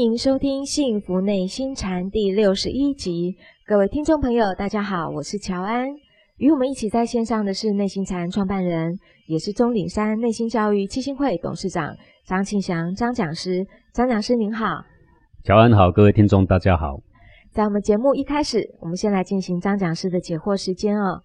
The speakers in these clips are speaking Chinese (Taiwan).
歡迎收聽《幸福內心禪》第六十一集，各位聽眾朋友，大家好，我是喬安。與我們一起在線上的是內心禪創辦人，也是中嶺山內心教育基金會董事長張慶祥張講師。張講師您好，喬安好，各位聽眾大家好。在我們節目一開始，我們先來進行張講師的解惑時間哦。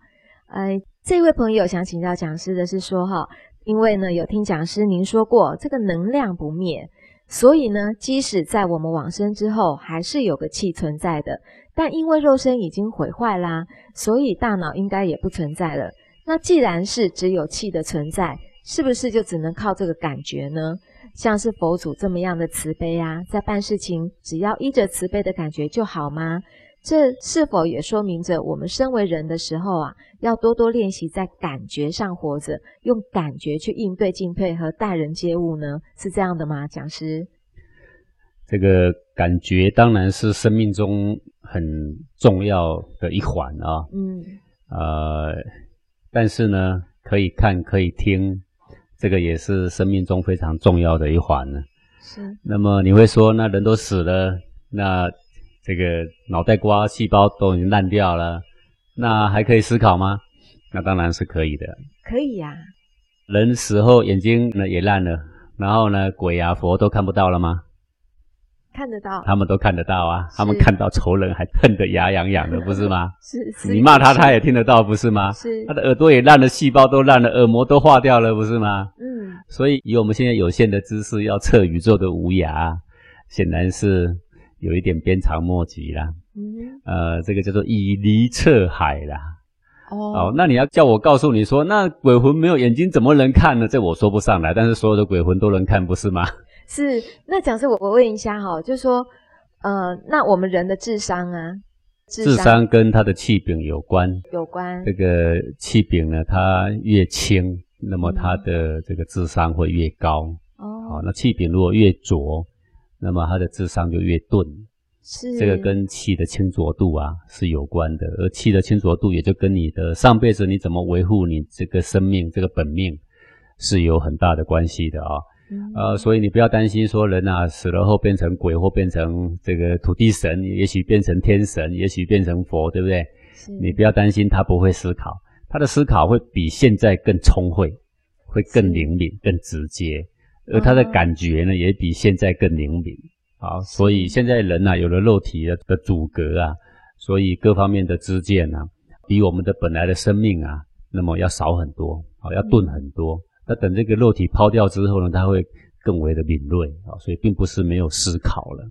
呃，這位朋友想請教講師的是說，哈，因為呢有聽講師您說過，這個能量不滅。所以呢，即使在我們往生之後，還是有個氣存在的，但因為肉身已經毀壞啦啊，所以大腦應該也不存在了。那既然是只有氣的存在，是不是就只能靠這個感覺呢？像是佛祖這麼樣的慈悲啊，在辦事情，只要依着慈悲的感覺就好嗎？這是否也說明着我們身為人的時候啊，要多多練習在感覺上活着，用感覺去應對進退和待人接物呢？是這樣的嗎，講師？這個感覺當然是生命中很重要的一環啊。嗯。呃，但是呢，可以看可以聽，這個也是生命中非常重要的一環呢，啊。是。那麼你會說，那人都死了，那？這個腦袋瓜細胞都已經爛掉了，那還可以思考嗎？那當然是可以的。可以呀、啊。人死後眼睛呢也爛了，然後呢鬼呀、啊，佛都看不到了嗎？看得到。他們都看得到啊，他們看到仇人還恨得牙癢癢的 不是嗎？是是，是。你罵他他也聽得到不是嗎？是。他的耳朵也爛了，細胞都爛了，耳膜都化掉了不是嗎？嗯。所以以我們現在有限的知識要測宇宙的無涯，顯然是。有一點鞭長莫及啦，mm -hmm. 呃，這個叫做以蠡測海啦。Oh. 哦，那你要叫我告訴你說，那鬼魂沒有眼睛怎麼能看呢？這我說不上來，但是所有的鬼魂都能看，不是嗎？是。那假設我我問一下哈，就是說，呃，那我們人的智商啊，智商，智商跟他的氣稟有關，有關。這個氣稟呢，它越輕，那麼他的這個智商會越高。Oh. 哦，那氣稟如果越濁。那麼他的智商就越鈍，是。這個跟氣的清濁度啊是有關的，而氣的清濁度也就跟你的上輩子你怎麼維護你這個生命這個本命是有很大的關係的啊、哦嗯嗯。呃，所以你不要擔心說人啊死了後變成鬼，或變成這個土地神，也許變成天神，也許變成佛，對不對？是。你不要擔心他不會思考，他的思考會比現在更聰慧，會更靈敏，更直接。而他的感覺呢、嗯，也比現在更靈敏，好，所以現在人啊，有了肉體的阻隔啊，所以各方面的知見啊，比我們的本來的生命啊，那麼要少很多，好，要鈍很多。那、嗯、等這個肉體拋掉之後呢，他會更為的敏銳，好，所以並不是沒有思考了。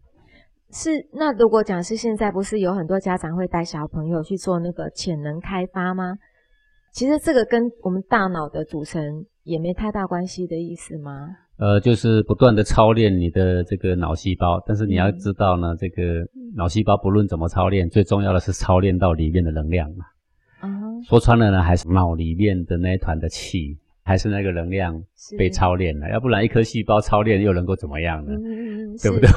是。那如果講是現在不是有很多家長會帶小朋友去做那個潛能開發嗎？其實這個跟我們大腦的組成也沒太大關係的意思嗎？呃，就是不斷的操練你的這個腦細胞，但是你要知道呢，嗯、這個腦細胞不論怎麼操練、嗯，最重要的是操練到裡面的能量嘛。Uh-huh，說穿了呢，還是腦裡面的那一團的氣。還是那個能量被操練了，要不然一顆細胞操練又能夠怎麼樣呢？嗯、對不對？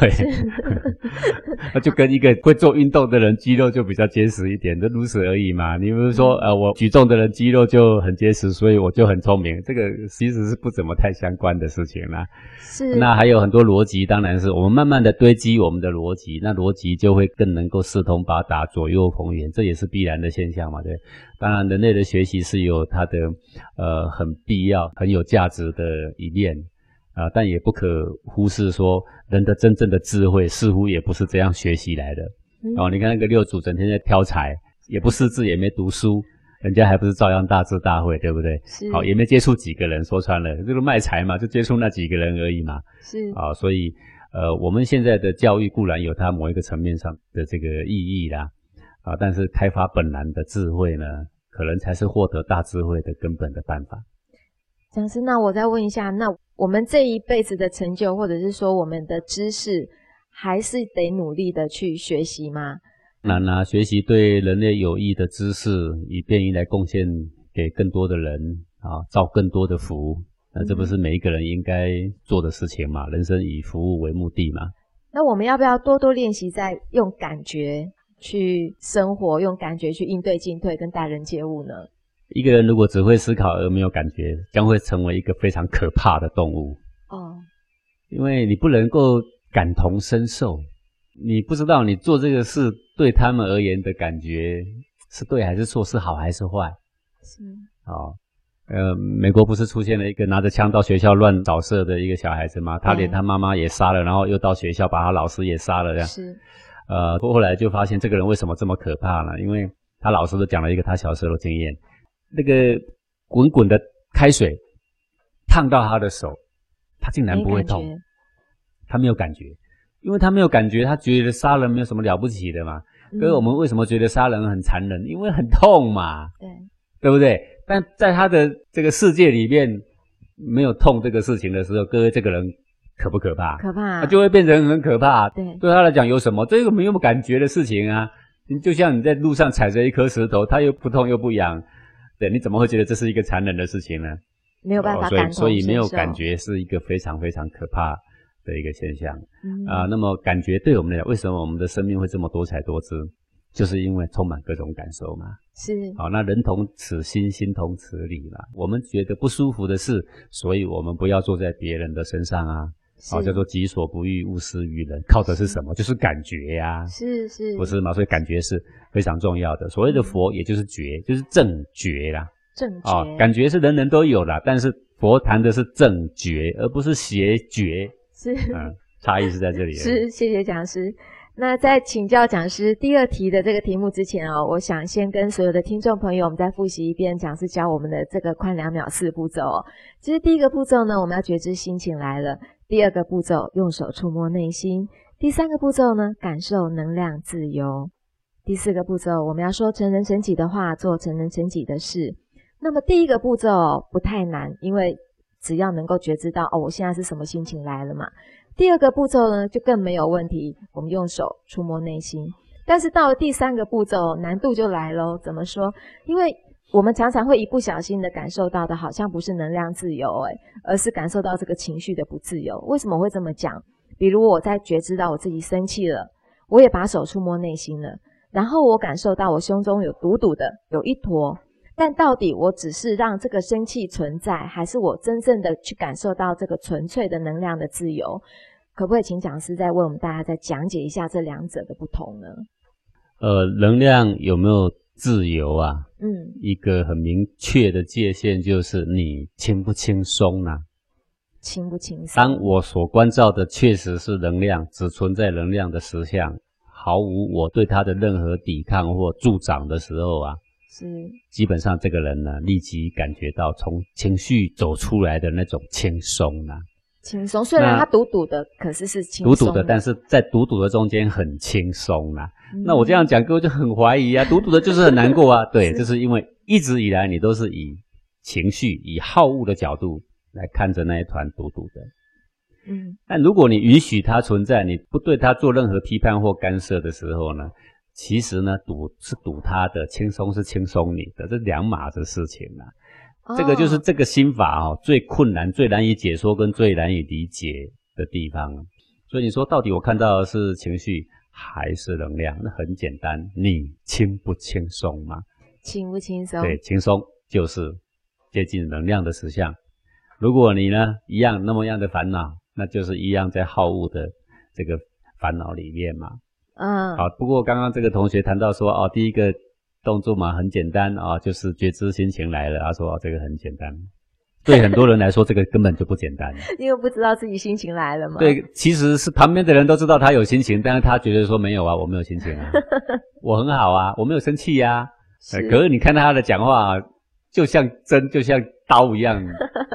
那就跟一個會做運動的人肌肉就比較結實一點，就如此而已嘛。你比如說、嗯，呃，我舉重的人肌肉就很結實，所以我就很聰明，這個其實是不怎麼太相關的事情啦。是。那還有很多邏輯，當然是我們慢慢的堆積我們的邏輯，那邏輯就會更能夠四通八達、左右逢源，這也是必然的現象嘛，對。當然，人類的學習是有它的，呃，很必要、很有價值的一面，啊、呃，但也不可忽視說人的真正的智慧似乎也不是這樣學習來的。嗯、哦，你看那個六祖整天在挑柴，也不識字，也沒讀書，人家還不是照樣大智大慧，對不對？好、哦，也沒接觸幾個人，說穿了就是賣柴嘛，就接觸那幾個人而已嘛。是啊、哦，所以，呃，我們現在的教育固然有它某一個層面上的這個意義啦。啊！但是開發本來的智慧呢，可能才是獲得大智慧的根本的辦法。講師，那我再問一下，那我們這一輩子的成就，或者是說我們的知識，還是得努力的去學習嗎？當然啦，學習對人類有益的知識，以便於來貢獻給更多的人啊，造更多的福。那這不是每一個人應該做的事情嘛，人生以服務為目的嘛。那我們要不要多多練習，在用感覺去生活，用感覺去應對進退跟待人接物呢？一個人如果只會思考而沒有感覺，將會成為一個非常可怕的動物哦。因為你不能夠感同身受，你不知道你做這個事對他們而言的感覺是對還是錯，是好還是壞。是哦，呃，美國不是出現了一個拿着槍到學校亂掃射的一個小孩子嗎？他連他媽媽也殺了，嗯，然後又到學校把他老師也殺了，這樣。是。呃，後來就發現這個人為什麼這麼可怕呢？因為他老師都講了一個他小時候的經驗，那個滾滾的開水燙到他的手，他竟然不會痛，他沒有感覺，因為他沒有感覺，他覺得殺人沒有什麼了不起的嘛。哥、嗯，各位我們為什麼覺得殺人很殘忍？因為很痛嘛，對對不對？但在他的這個世界裡面，沒有痛這個事情的時候，各位這個人。可不可怕？可怕、啊啊，就會變成很可怕、啊。對，對他來講有什麼？這個沒有感覺的事情啊，就像你在路上踩着一顆石頭，它又不痛又不癢，對，你怎麼會覺得這是一個殘忍的事情呢？沒有辦法感同身受。所以，所以沒有感覺是一個非常非常可怕的一個現象、嗯、啊。那麼感覺對我們來講，為什麼我們的生命會這麼多彩多姿？就是因為充滿各種感受嘛。是。好、啊，那人同此心，心同此理嘛。我們覺得不舒服的事，所以我們不要坐在別人的身上啊。好、哦，叫做“己所不欲，勿施於人”。靠的是什麼？是就是感覺呀、啊，是是，不是嘛。所以感覺是非常重要的。所謂的佛，也就是覺，就是正覺啦。正覺，哦，感覺是人人都有啦，但是佛談的是正覺，而不是邪覺。是，嗯，差異是在這裡。是，謝謝講師。那在請教講師第二題的這個題目之前哦，我想先跟所有的聽眾朋友，我們再複習一遍講師教我們的這個寬兩秒四步驟、哦。其實第一個步驟呢，我們要覺知心情來了。第二個步驟，用手觸摸內心；第三個步驟呢，感受能量自由；第四個步驟，我們要說成人成己的話，做成人成己的事。那麼第一個步驟不太難，因為只要能夠覺知到哦，我現在是什麼心情來了嘛。第二個步驟呢，就更沒有問題，我們用手觸摸內心。但是到了第三個步驟，難度就來嘍，怎麼說？因為我們常常會一不小心的感受到的，好像不是能量自由哎、欸，而是感受到這個情緒的不自由。為什麼會這麼講？比如我在覺知到我自己生氣了，我也把手觸摸內心了，然後我感受到我胸中有堵堵的有一坨。但到底我只是讓這個生氣存在，還是我真正的去感受到這個純粹的能量的自由？可不可以請講師再為我們大家再講解一下這兩者的不同呢？呃，能量有沒有自由啊？嗯，一個很明確的界限就是你輕不輕鬆呢、啊？輕不輕鬆？當我所關照的確實是能量，只存在能量的實相，毫無我對它的任何抵抗或助長的時候啊，是，基本上這個人呢，立即感覺到從情緒走出來的那種輕鬆呢、啊。輕鬆，雖然他堵堵的，可是是輕鬆。堵堵的，但是在堵堵的中間很輕鬆啊。那我這樣講，各位就很懷疑啊，堵堵的就是很難過啊。 對，就是因為一直以來你都是以情緒、以好惡的角度來看着那一團堵堵的。嗯。但如果你允許它存在，你不對它做任何批判或干涉的時候呢，其實呢，堵是堵它的，輕鬆是輕鬆你的，這兩碼子事情啊、哦。這個就是這個心法啊。最困難、最難以解說跟最難以理解的地方。所以你說，到底我看到的是情緒？還是能量，那很簡單，你輕不輕鬆嘛？輕不輕鬆？對，輕鬆就是接近能量的實相。如果你呢，一樣那麼樣的煩惱，那就是一樣在好惡的這個煩惱裡面嘛。嗯，好。不過剛剛這個同學談到說，哦，第一個動作嘛很簡單啊，哦，就是覺知心情來了。他說，哦，這個很簡單。 對很多人來說，這個根本就不簡單，因為不知道自己心情來了嗎？對，其實是旁邊的人都知道他有心情，但是他覺得說沒有啊，我沒有心情啊，我很好啊，我沒有生氣呀。可是你看他的講話，啊，就像針，就像刀一樣，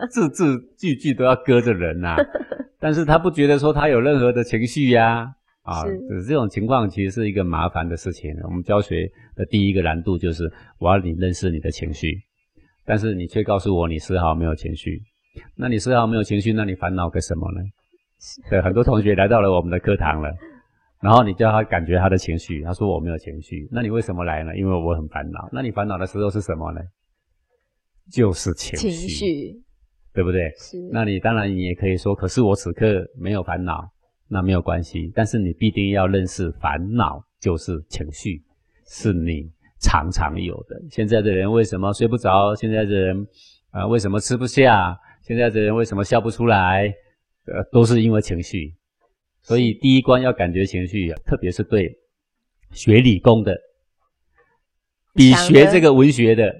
字字句句都要割着人吶，啊。但是他不覺得說他有任何的情緒呀，啊，啊，這種情況其實是一個麻煩的事情。我們教學的第一個難度就是，我要你認識你的情緒。但是你卻告訴我你絲毫沒有情緒，那你絲毫沒有情緒，那你煩惱個什麼呢？對，很多同學來到了我們的課堂了，然後你叫他感覺他的情緒，他說我沒有情緒，那你為什麼來呢？因為我很煩惱。那你煩惱的時候是什麼呢？就是情緒，情緒。對不對？是。那你當然你也可以說，可是我此刻沒有煩惱，那沒有關係。但是你必定要認識煩惱就是情緒，是你。常常有的。現在的人為什麼睡不着？現在的人啊、呃，為什麼吃不下？現在的人為什麼笑不出來？呃，都是因為情緒。所以第一關要感覺情緒，啊，特別是對學理工的，比學這個文學的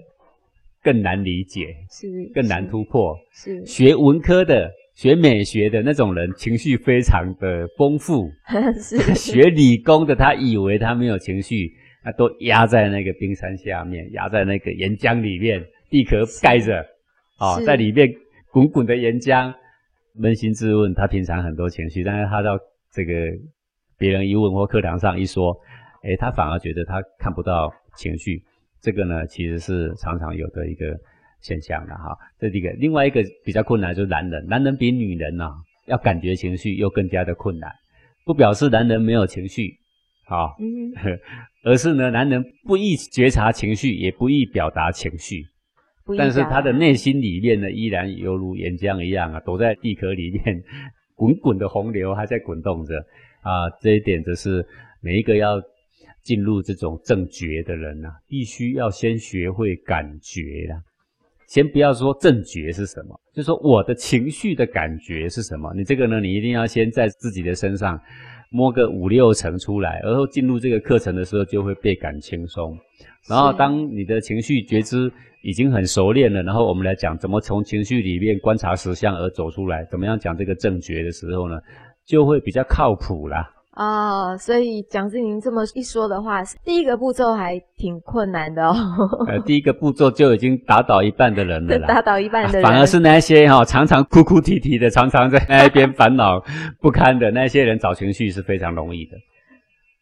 更難理解，是更難突破。是，是，是學文科的、學美學的那種人，情緒非常的豐富。 是學理工的，他以為他沒有情緒。啊，都壓在那個冰山下面，壓在那個岩漿裡面，地殼蓋着，哦，在裡面滾滾的岩漿，捫心自問，他平常很多情緒，但是他到這個別人一問或課堂上一說，哎，他反而覺得他看不到情緒，這個呢，其實是常常有的一個現象的哈。這一個另外一個比較困難就是男人，男人比女人啊、哦，要感覺情緒又更加的困難，不表示男人沒有情緒。啊、哦、嗯嗯，而是呢，男人不易覺察情緒，也不易表達情緒，但是他的內心裡面呢，依然猶如岩漿一樣啊，躲在地殼裡面，滾滾的洪流還在滾動着啊。這一點就是每一個要進入這種正覺的人啊，必須要先學會感覺啊。先不要說正覺是什麼，就是、說我的情緒的感覺是什麼。你這個呢，你一定要先在自己的身上摸個五六層出來，然後進入這個課程的時候就會倍感輕鬆。然後當你的情緒覺知已經很熟練了，然後我們來講怎麼從情緒裡面觀察實相而走出來，怎麼樣講這個正覺的時候呢，就會比較靠譜啦。啊、oh,，所以講師您這麼一說的話，是第一個步驟還挺困難的哦。 呃，第一個步驟就已經打倒一半的人了， 打倒一半的人，啊、反而是那些哈、哦、常常哭哭啼啼的、常常在那邊煩惱不堪的 那些人，找情緒是非常容易的。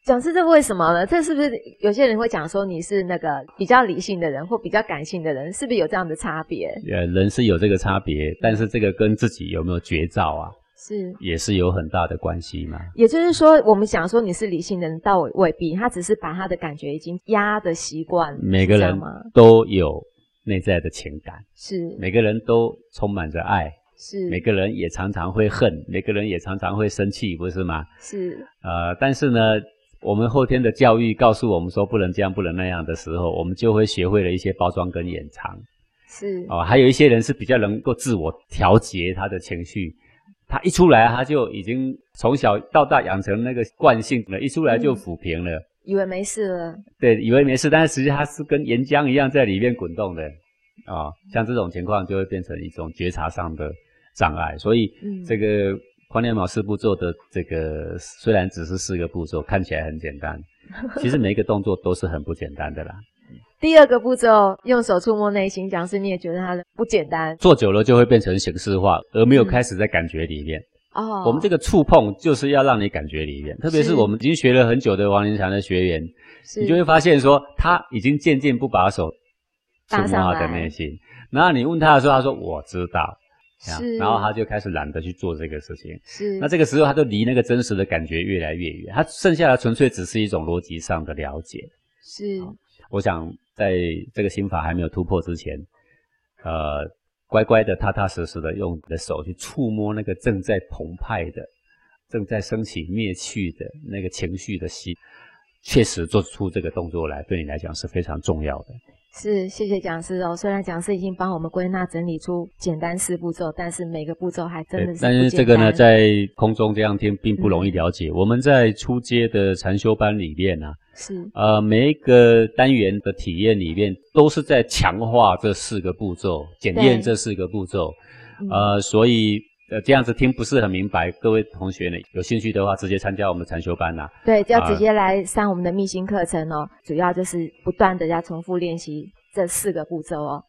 講師，這為什麼呢？這是不是有些人會講說你是那個比較理性的人，或比較感性的人，是不是有這樣的差別？呃，人是有這個差別、嗯，但是這個跟自己有沒有覺照啊？是，也是有很大的關係嘛。也就是說，我們想說你是理性人，倒未必，他只是把他的感覺已經壓得習慣了。每個人都有內在的情感，是每個人都充滿着愛，是每個人也常常會恨，每個人也常常會生氣，不是嗎？是。呃，但是呢，我們後天的教育告訴我們說不能這樣，不能那樣的時候，我們就會學會了一些包裝跟掩藏。是哦、呃，還有一些人是比較能夠自我調節他的情緒。他一出來，他就已經從小到大養成那個慣性了，一出來就撫平了，嗯、以為沒事了。對，以為沒事，但是實際他是跟岩漿一樣在裡面滾動的。啊、哦，像這種情況就會變成一種覺察上的障礙。所以、嗯、這個寬練毛四步驟的這個，雖然只是四個步驟，看起來很簡單，其實每一個動作都是很不簡單的啦。 第二個步驟，用手觸摸內心，講師你也覺得它不簡單。做久了就會變成形式化，而沒有開始在感覺裡面。哦、嗯，oh. 我們這個觸碰就是要讓你感覺裡面。特別是我們已經學了很久的王林強的學員是，你就會發現說他已經漸漸不把手觸摸他的內心。然後你問他的時候，他說我知道是，然後他就開始懶得去做這個事情。是，那這個時候他就離那個真實的感覺越來越遠，他剩下的純粹只是一種邏輯上的了解。是，我想。在這個心法還沒有突破之前，呃，乖乖的、踏踏實實的，用你的手去觸摸那個正在澎湃的、正在升起、滅去的那個情緒的心，確實做出這個動作來，對你來講是非常重要的。是，謝謝講師哦。雖然講師已經幫我們歸納整理出簡單四步驟，但是每個步驟還真的是……但是這個呢，在空中這樣聽並不容易了解、嗯。我們在初階的禪修班裡面呢、啊，是呃每一個單元的體驗裡面都是在強化這四個步驟，檢驗這四個步驟，呃，所以。呃，這樣子聽不是很明白。各位同學呢，有興趣的話，直接參加我們禪修班吶、啊。對，就要直接來上我們的密心課程哦、啊。主要就是不斷地要重複練習這四個步驟哦。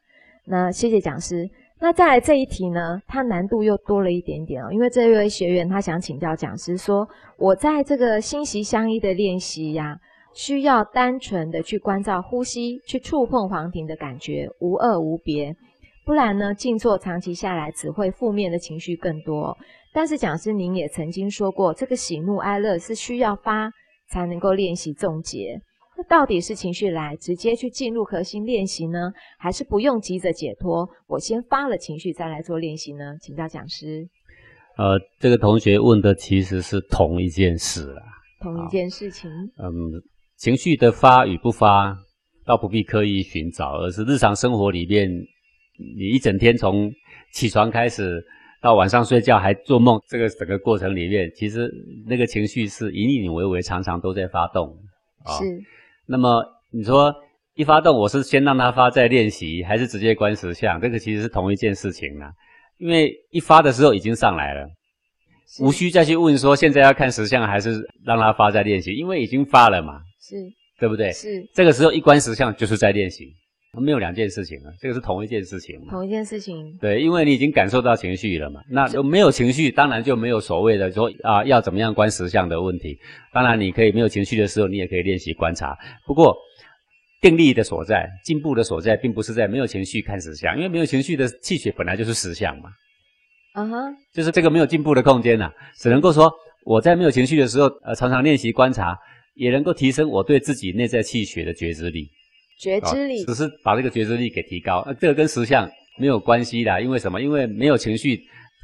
那謝謝講師。那再來這一題呢，它難度又多了一點點哦。因為這一位學員他想請教講師說，我在這個心息相依的練習呀、啊，需要單純的去觀照呼吸，去觸碰黃庭的感覺，無二無別。不然呢，靜坐長期下來只會負面的情緒更多。但是講師您也曾經說過，這個喜怒哀樂是需要發才能夠練習總結。那到底是情緒來直接去進入核心練習呢，還是不用急着解脫，我先發了情緒再來做練習呢？請教講師。呃，這個同學問的其實是同一件事啦、啊，同一件事情。嗯，情緒的發與不發，倒不必刻意尋找，而是日常生活裡面。你一整天從起床開始到晚上睡覺還做夢，這個整個過程裡面，其實那個情緒是隱隱微微、常常都在發動啊、哦。是。那麼你說一發動，我是先讓他發再練習，還是直接觀實相？這個其實是同一件事情呢、啊，因為一發的時候已經上來了，無需再去問說現在要看實相還是讓他發再練習，因為已經發了嘛。是。對不對？是。這個時候一觀實相就是在練習。沒有兩件事情啊，這個是同一件事情。同一件事情。對，因為你已經感受到情緒了嘛，那就沒有情緒，當然就沒有所謂的說啊，要怎麼樣觀實相的問題。當然，你可以沒有情緒的時候，你也可以練習觀察。不過，定力的所在、進步的所在，並不是在沒有情緒看實相，因為沒有情緒的氣血本來就是實相嘛。嗯哼，就是這個沒有進步的空間吶、啊，只能夠說我在沒有情緒的時候，呃，常常練習觀察，也能夠提升我對自己內在氣血的覺知力。覺知力只是把這個覺知力給提高。呃、啊，這個跟實相沒有關係的，因為什麼？因為沒有情緒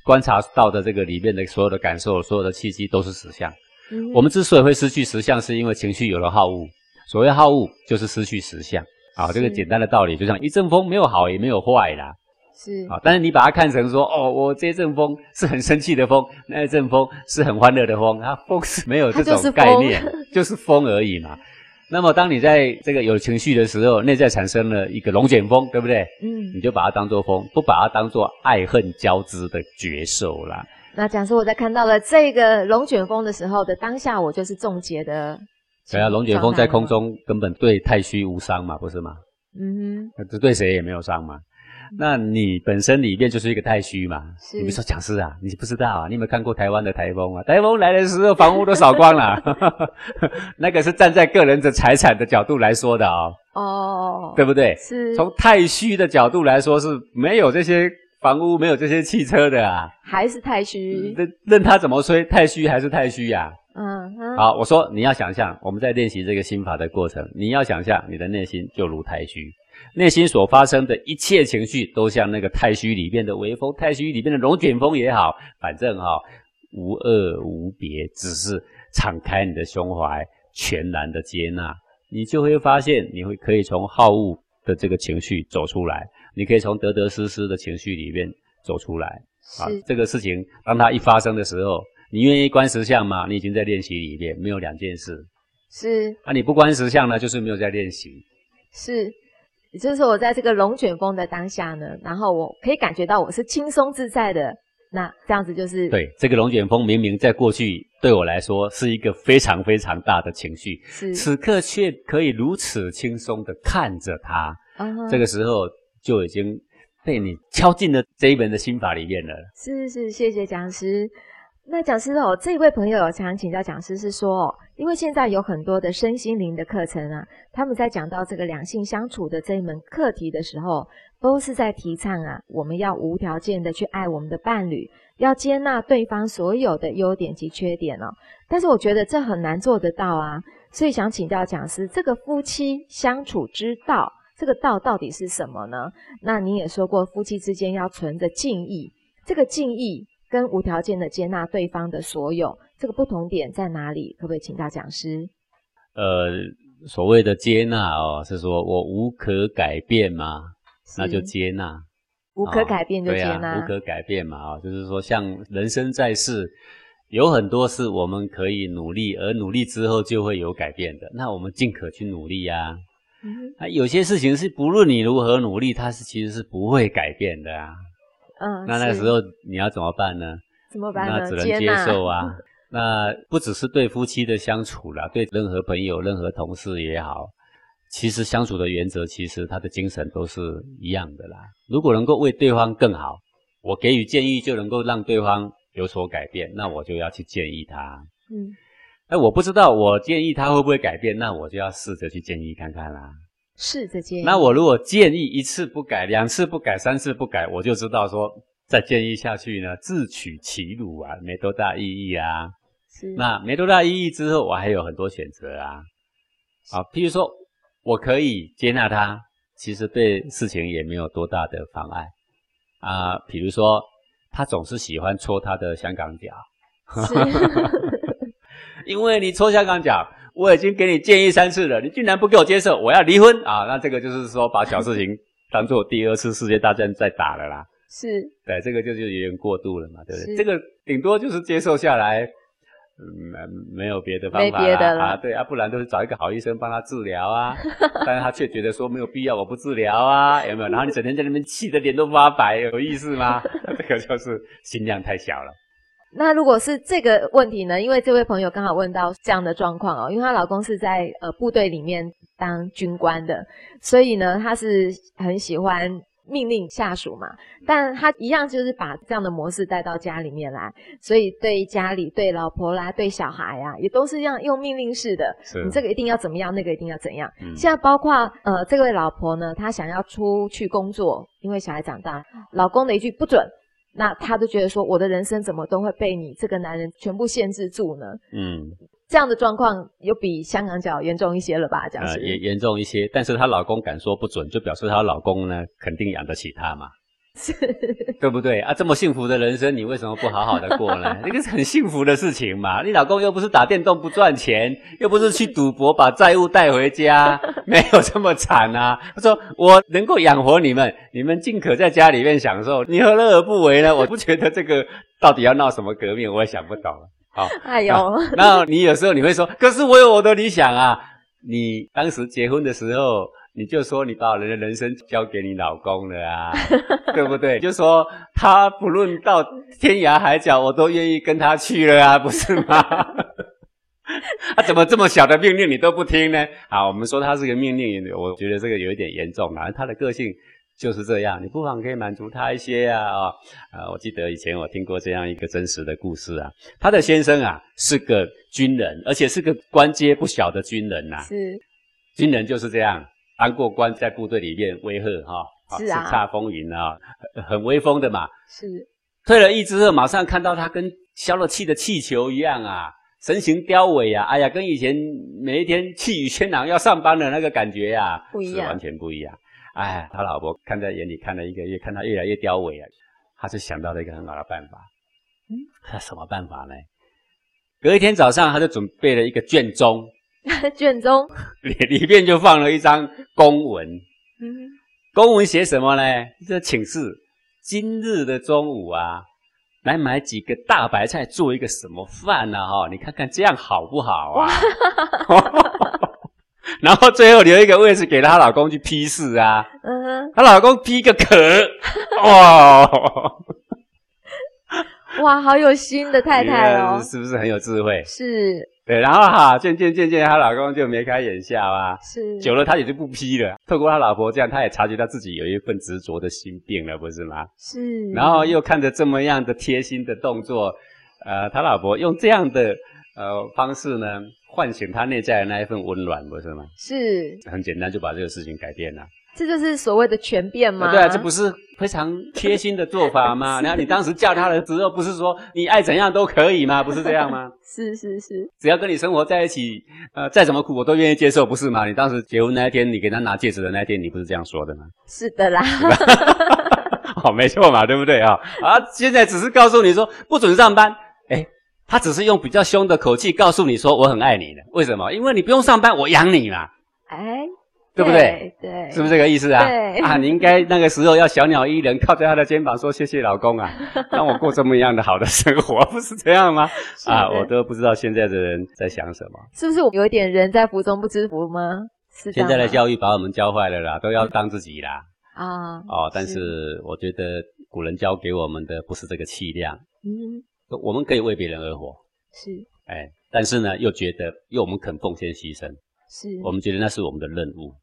觀察到的這個裡面的所有的感受，所有的契機都是實相。嗯、我們之所以會失去實相，是因為情緒有了好惡。所謂好惡，就是失去實相。啊，這個簡單的道理，就像一陣風，沒有好也沒有壞啦。是啊，但是你把它看成說，哦，我這陣風是很生氣的風，那一陣風是很歡樂的風。啊，風是沒有這種概念，就，就是風而已嘛。那麼，當你在這個有情緒的時候，內在產生了一個龍捲風，對不對？嗯，你就把它當作風，不把它當做愛恨交織的角色啦。那假如說我在看到了這個龍捲風的時候的當下，我就是終結的。誰啊，龍捲風在空中根本對太虛無傷嘛，不是嗎？嗯哼，這對誰也沒有傷嘛。那你本身裡面就是一個太虛嘛？是。你比如說講師啊，你不知道啊，你有沒有看過台灣的台風啊？台風來的時候，房屋都掃光了。 那個是站在個人的財產的角度來說的啊。哦。Oh, 對不對？是。從太虛的角度來說，是沒有這些房屋，沒有這些汽車的啊。還是太虛。任任他怎麼吹，太虛還是太虛呀。嗯、uh -huh.。好，我說你要想象，我們在練習這個心法的過程，你要想象你的內心就如太虛。內心所發生的一切情緒，都像那個太虛裡面的微風，太虛裡面的龍捲風也好，反正哈、哦，無二無別，只是敞開你的胸懷，全然的接納，你就會發現，你會可以從好惡的這個情緒走出來，你可以從得得失失的情緒裡面走出來。是。啊，這個事情，當它一發生的時候，你願意觀實相嗎？你已經在練習裡面，沒有兩件事。是。那、啊、你不觀實相呢？就是沒有在練習。是。也就是說，我在這個龍捲風的當下呢，然後我可以感覺到我是輕鬆自在的。那這樣子就是對這個龍捲風，明明在過去對我來說是一個非常非常大的情緒，是此刻卻可以如此輕鬆地看着它。Uh-huh。這個時候就已經被你敲進了這一門的心法裡面了。是是，謝謝講師。那講師哦，這一位朋友有想請教講師是說哦，因為現在有很多的身心靈的課程啊，他們在講到這個兩性相處的這一門課題的時候，都是在提倡啊，我們要無條件的去愛我們的伴侶，要接納對方所有的優點及缺點哦。但是我覺得這很難做得到啊，所以想請教講師，這個夫妻相處之道，這個道到底是什麼呢？那你也說過，夫妻之間要存着敬意，這個敬意，跟無條件的接納對方的所有，這個不同點在哪裡？可不可以請教講師？呃，所謂的接納哦，是說我無可改變嘛，那就接納，無可改變就接納，哦啊、無可改變嘛啊，就是說像人生在世，有很多事我們可以努力，而努力之後就會有改變的，那我們盡可去努力呀、啊嗯啊。有些事情是不論你如何努力，它是其實是不會改變的啊。嗯，那那時候你要怎麼辦呢？怎麼辦呢？那只能接受啊，接納。那不只是對夫妻的相處啦，對任何朋友、任何同事也好，其實相處的原則，其實他的精神都是一樣的啦。嗯。如果能夠為對方更好，我給予建議就能夠讓對方有所改變，那我就要去建議他。嗯。哎，我不知道我建議他會不會改變，那我就要試着去建議看看啦。是，試著建議。那我如果建議一次不改，兩次不改，三次不改，我就知道說再建議下去呢，自取其辱啊，沒多大意義啊。是。那沒多大意義之後，我還有很多選擇啊。好，啊，譬如說我可以接納他，其實對事情也沒有多大的妨礙啊。譬如說他總是喜歡戳他的香港腳，哈哈哈。 因為你戳香港腳。我已經給你建議三次了，你竟然不給我接受，我要離婚啊！那這個就是說把小事情當做第二次世界大戰在打了啦。是，對，這個就是有點過度了嘛，對不對？這個頂多就是接受下來，嗯，沒有別的方法了啊。對啊，不然都是找一個好醫生幫他治療啊。 但是他卻覺得說沒有必要，我不治療啊，有沒有？然後你整天在那邊氣得臉都發白，有意思嗎？ 這個就是心量太小了。那如果是這個問題呢？因為這位朋友剛好問到這樣的狀況哦，因為她老公是在呃部隊裡面當軍官的，所以呢，他是很喜歡命令下屬嘛。但他一樣就是把這樣的模式帶到家裡面來，所以對家裡、對老婆啦、對小孩呀、啊，也都是一樣用命令式的。你這個一定要怎麼樣，那個一定要怎樣。嗯，現在包括呃這位、個、老婆呢，她想要出去工作，因為小孩長大，老公的一句不准。那她就覺得說，我的人生怎麼都會被你這個男人全部限制住呢？嗯，這樣的狀況又比香港腳嚴重一些了吧？講樣，呃，嚴嚴重一些，但是她老公敢說不准，就表示她老公呢，肯定養得起她嘛。是 對不對啊？這麼幸福的人生，你為什麼不好好的過呢？那 個是很幸福的事情嘛。你老公又不是打電動不賺錢，又不是去賭博把債務帶回家， 沒有這麼慘啊。他說：“我能夠養活你們，你們盡可在家裡面享受，你何樂而不為呢？”我不覺得這個到底要鬧什麼革命，我也想不到。好、哦，哎呦、哦，那你有時候你會說：“可是我有我的理想啊。”你當時結婚的時候，你就說你把人的人生交給你老公了啊， 對不對？就說他不論到天涯海角，我都願意跟他去了啊，不是嗎？ 啊怎麼這麼小的命令你都不聽呢？啊，我們說他是個命令，我覺得這個有一點嚴重、啊。然後他的個性就是這樣，你不妨可以滿足他一些啊,、哦、啊，我記得以前我聽過這樣一個真實的故事啊，他的先生啊是個軍人，而且是個官階不小的軍人吶、啊。是，軍人就是這樣。當過官，在部隊裡面威嚇哈，叱、哦、咤、啊啊、風雲啊、哦，很威風的嘛。是，退了役之後，馬上看到他跟消了氣的氣球一樣啊，神情凋萎啊，哎呀，跟以前每一天氣宇軒昂要上班的那個感覺呀、啊，不一樣。是，完全不一樣。哎呀，他老婆看在眼裡，看了一個月，看他越來越凋萎啊，他就想到了一個很好的辦法。嗯，他什麼辦法呢？隔一天早上，他就準備了一個卷宗。 卷宗裡裡面就放了一張公文，嗯、公文寫什麼呢？這請示，今日的中午啊，來買幾個大白菜，做一個什麼飯呢？哈，你看看這樣好不好啊？ 然後最後留一個位置給她老公去批示啊，她、嗯、老公批個可 哇， 哇，好有心的太太哦，是不是很有智慧？是。對，然後哈、啊，漸漸漸漸，她老公就眉開眼笑啊。是，久了他也就不批了。透過他老婆這樣，他也察覺到自己有一份執着的心病了，不是嗎？是。然後又看着這麼樣的貼心的動作，呃，他老婆用這樣的呃方式呢，喚醒他內在的那一份溫暖，不是嗎？是。很簡單，就把這個事情改變了。這就是所謂的全變嗎？對啊，這不是非常貼心的做法嗎？ 你然後你當時叫他的時候，不是說你愛怎樣都可以嗎？不是這樣嗎？ 是是是，只要跟你生活在一起，呃，再怎麼苦我都願意接受，不是嗎？你當時結婚那一天，你給他拿戒指的那一天，你不是這樣說的嗎？是的啦是，好 沒錯嘛，對不對啊？啊，現在只是告訴你說不准上班。誒，他只是用比較兇的口氣告訴你說我很愛你的，為什麼？因為你不用上班，我養你嘛。哎。對不對？對，對，是不是這個意思啊？對，啊，你應該那個時候要小鳥依人，靠在他的肩膀說：“謝謝老公啊，讓我過這麼樣的好的生活， 不是這樣嗎？”啊，我都不知道現在的人在想什麼。是不是我有一點人在福中不知福嗎？是的嗎。現在的教育把我們教壞了啦，都要當自己啦。嗯、啊。哦，但是，是我覺得古人教給我們的不是這個氣量。嗯。我們可以為別人而活。是。哎，但是呢，又覺得因為我們肯奉獻犧牲，是，我們覺得那是我們的任務。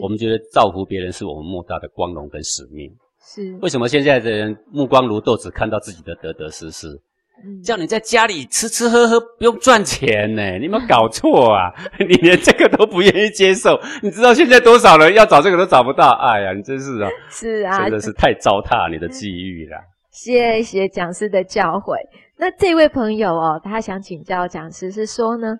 我們覺得造福別人是我們莫大的光榮跟使命。是為什麼現在的人目光如豆，只看到自己的得得失失？嗯，叫你在家裡吃吃喝喝不用賺錢呢？你有沒有搞錯啊？ 你連這個都不願意接受？你知道現在多少人要找這個都找不到？哎呀，你真是啊！是啊，真的是太糟蹋你的機遇了。 謝謝講師的教誨。那這位朋友哦，他想請教講師是說呢？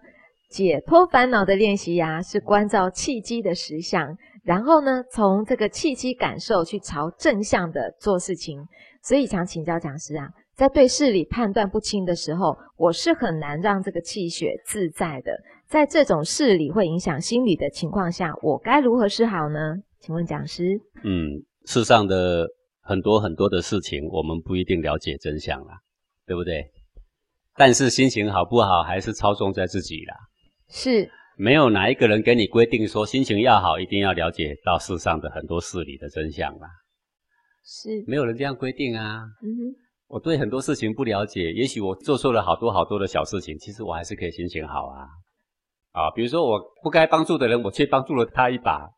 解脫煩惱的練習呀、啊，是關照氣機的實相，然後呢，從這個氣機感受去朝正向的做事情。所以想請教講師啊，在對事理判斷不清的時候，我是很難讓這個氣血自在的。在這種事理會影響心理的情況下，我該如何是好呢？請問講師。嗯，世上的很多很多的事情，我們不一定了解真相啦，對不對？但是心情好不好，還是操縱在自己啦。是，沒有哪一個人給你規定說心情要好一定要了解到世上的很多事理的真相啦，是沒有人這樣規定啊。嗯哼，我對很多事情不了解，也許我做錯了好多好多的小事情，其實我還是可以心情好啊。啊，比如說我不該幫助的人，我卻幫助了他一把，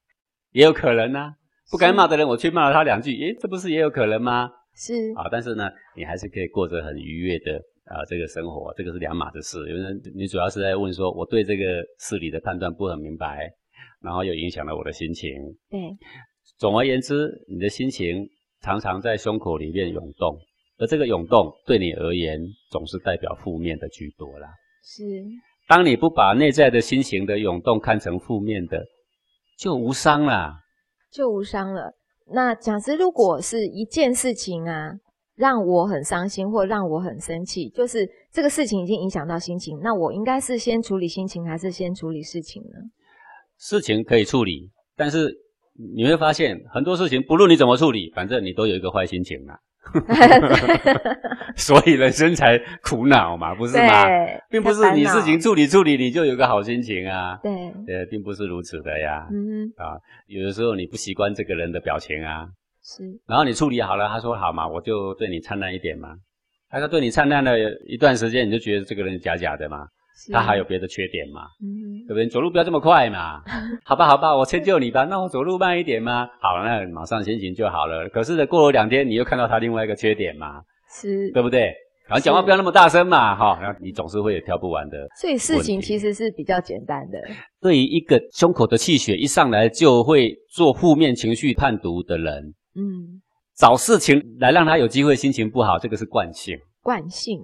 也有可能呢，啊。不該罵的人，我卻罵了他兩句，誒，這不是也有可能嗎？是啊，但是呢，你還是可以過着很愉悅的。啊，這個生活，這個是兩碼子事。因為你主要是在問說，我對這個事理的判斷不很明白，然後又影響了我的心情。對。總而言之，你的心情常常在胸口裡面湧動，而這個湧動對你而言，總是代表負面的居多啦。是。當你不把內在的心情的湧動看成負面的，就無傷啦，就無傷了。那假設如果是一件事情啊。讓我很傷心，或讓我很生氣，就是這個事情已經影響到心情。那我應該是先處理心情，還是先處理事情呢？事情可以處理，但是你會發現很多事情，不論你怎麼處理，反正你都有一個壞心情嘛。 所以人生才苦惱嘛，不是嗎？對，並不是你事情處理處理，你就有個好心情啊。對，呃，並不是如此的呀。嗯。啊，有的時候你不習慣這個人的表情啊。是，然後你處理好了，他說好嘛，我就對你燦爛一點嘛。他說對你燦爛了一段時間，你就覺得這個人假假的嘛，是，他還有別的缺點嘛，嗯。對不對？你走路不要這麼快嘛， 好吧，好吧，我遷就你吧，那我走路慢一點嘛，好了，那馬上心情就好了。可是呢，過了兩天，你又看到他另外一個缺點嘛，是，對不對？然後講話不要那麼大聲嘛，哈，然後你總是會有挑不完的。所以事情其實是比較簡單的。對於一個胸口的氣血一上來就會做負面情緒判讀的人。嗯，找事情來讓他有機會心情不好，這個是慣性。慣性，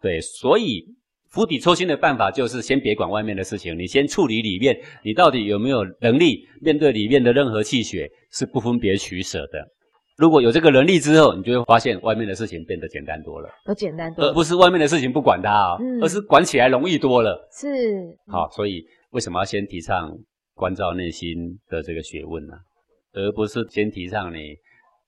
對，所以釜底抽薪的辦法就是先別管外面的事情，你先處理裡面。你到底有沒有能力面對裡面的任何氣血，是不分別取捨的？如果有這個能力之後，你就會發現外面的事情變得簡單多了，都簡單多了，而不是外面的事情不管它哦，嗯，而是管起來容易多了。是，好，所以為什麼要先提倡關照內心的這個學問呢？而不是先提倡你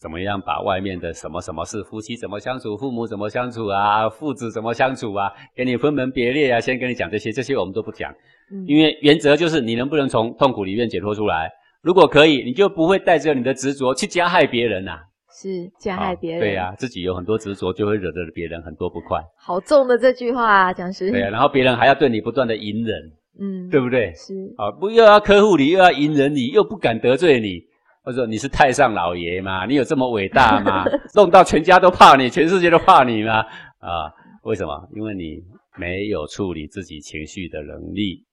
怎麼樣把外面的什麼什麼事，夫妻怎麼相處，父母怎麼相處啊，父子怎麼相處啊，給你分門別類啊，先跟你講這些，這些我們都不講。嗯、因為原則就是你能不能從痛苦裡面解脫出來？如果可以，你就不會帶着你的執着去加害別人吶、啊。是加害別人，啊、對呀、啊，自己有很多執着，就會惹得別人很多不快。好重的這句話、啊，講師。對呀、啊，然後別人還要對你不斷的隱忍，嗯，對不對？是，好、啊，又要呵護你，又要隱忍你，又不敢得罪你。或者說你是太上老爺嗎？你有這麼偉大嗎？弄到全家都怕你，全世界都怕你嗎？啊，為什麼？因為你沒有處理自己情緒的能力。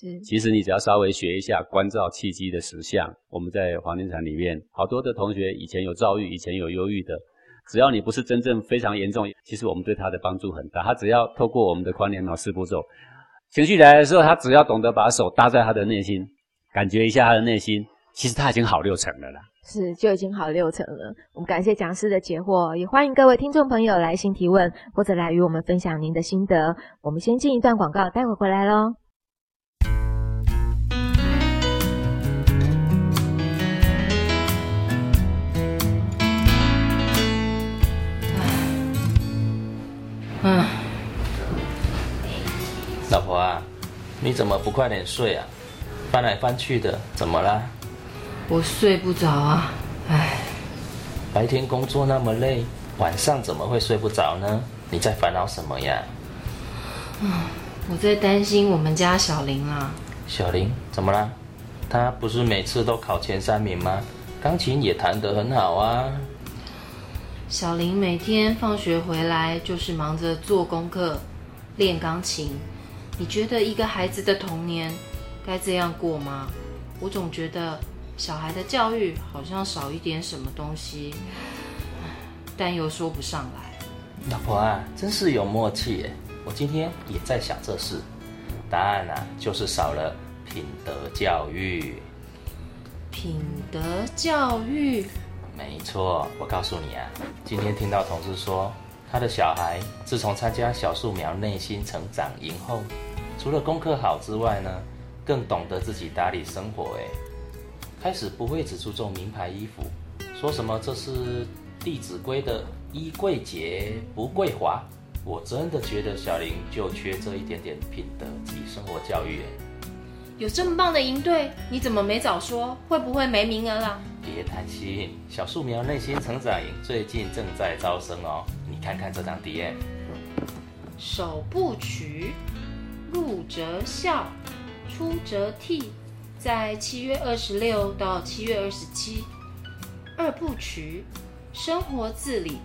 是，其實你只要稍微學一下觀照氣機的實相。我們在黃庭禪裡面，好多的同學以前有躁鬱，以前有憂鬱的，只要你不是真正非常嚴重，其實我們對他的幫助很大。他只要透過我們的寬兩秒四步驟，情緒來，來的時候，他只要懂得把手搭在他的內心，感覺一下他的內心。其實它已經好六成了啦，是就已經好六成了。我們感謝講師的解惑，也歡迎各位聽眾朋友來信提問，或者來與我們分享您的心得。我們先進一段廣告，待會回來嘍、嗯。老婆啊，你怎麼不快點睡啊？翻來翻去的，怎麼啦？我睡不着啊，唉，白天工作那麼累，晚上怎麼會睡不着呢？你在煩惱什麼呀？嗯，我在擔心我們家小林啦、啊。小林怎麼了？他不是每次都考前三名嗎？鋼琴也彈得很好啊。小林每天放學回來就是忙着做功課、練鋼琴，你覺得一個孩子的童年該這樣過嗎？我總覺得。小孩的教育好像少一點什麼東西，但又說不上來。老婆啊，真是有默契耶，我今天也在想這事，答案啊，就是少了品德教育。品德教育？沒錯，我告訴你啊，今天聽到同事說，他的小孩自從參加小樹苗內心成長營後，除了功課好之外呢，更懂得自己打理生活，哎。開始不會只注重名牌衣服，說什麼這是《弟子規》的“衣貴潔，不貴華”。我真的覺得小林就缺這一點點品德及生活教育。有這麼棒的營隊，你怎麼沒早說？會不會沒名額了啊？別擔心，小樹苗內心成長營最近正在招生哦，你看看這張 DM。首部曲，入則孝，出則悌。在七月二十六到七月二十七，二部曲，生活自理。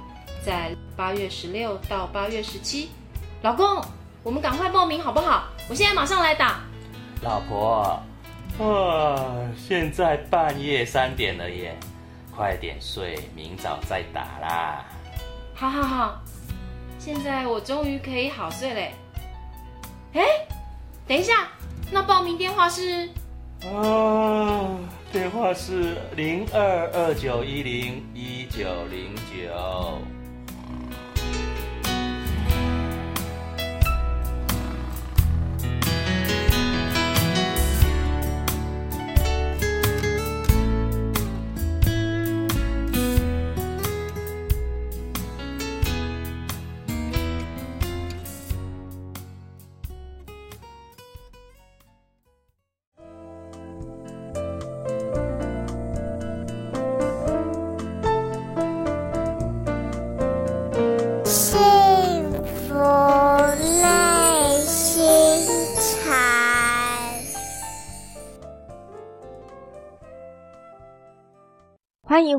在八月十六到八月十七，老公，我們趕快報名好不好？我現在馬上來打。老婆，啊、哦，現在半夜三點了耶，快點睡，明早再打啦。好好好，現在我終於可以好睡嘞。哎，等一下，那報名電話是？啊、哦，電話是零二二九一零一九零九。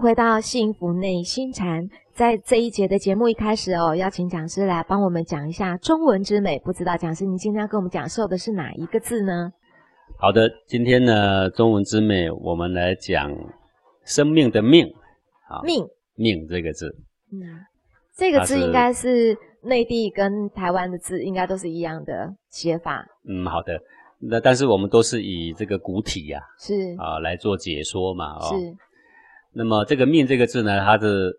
回到幸福內心禪，在這一節的節目一開始哦，邀請講師來幫我們講一下中文之美。不知道講師，您今天要跟我們講授的是哪一個字呢？好的，今天呢，中文之美，我們來講生命的“命”啊，“命”“命”這個字，嗯，這個字應該是內地跟台灣的字應該都是一樣的寫法。嗯，好的，那但是我們都是以這個古體呀、啊，是啊，來做解說嘛，哦，是。那麼這個“命”這個字呢，它是